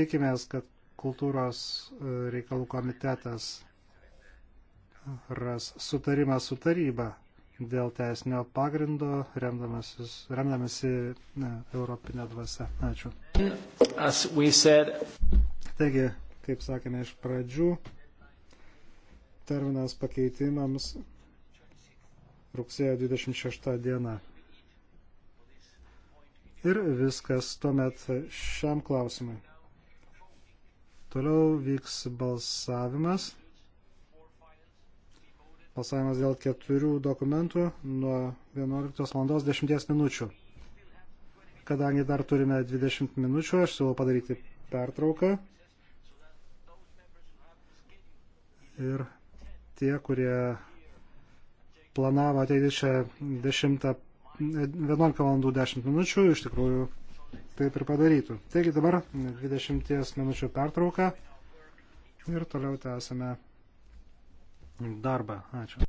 tikimės, kad kultūros e, reikalų komitetas ras sutarimą su taryba dėl teisinio pagrindo, remdamasi ne, europinė dvasia. Ačiū. Said... Taigi, kaip sakėme iš pradžių, terminas pakeitimams rugsėjo 26 diena. Ir viskas tuomet šiam klausimui. Toliau vyks balsavimas. Balsavimas dėl keturių dokumentų nuo 11 val. 10 minučių kadangi dar turime 20 minučių, aš siūlau padaryti pertrauką. Ir tie, kurie planavo ateiti čia 10, 11 valandų 10 minučių, iš tikrųjų taip ir padarytų. Taigi dabar 20 minučių pertrauką ir toliau tęsime darbą. Ačiū.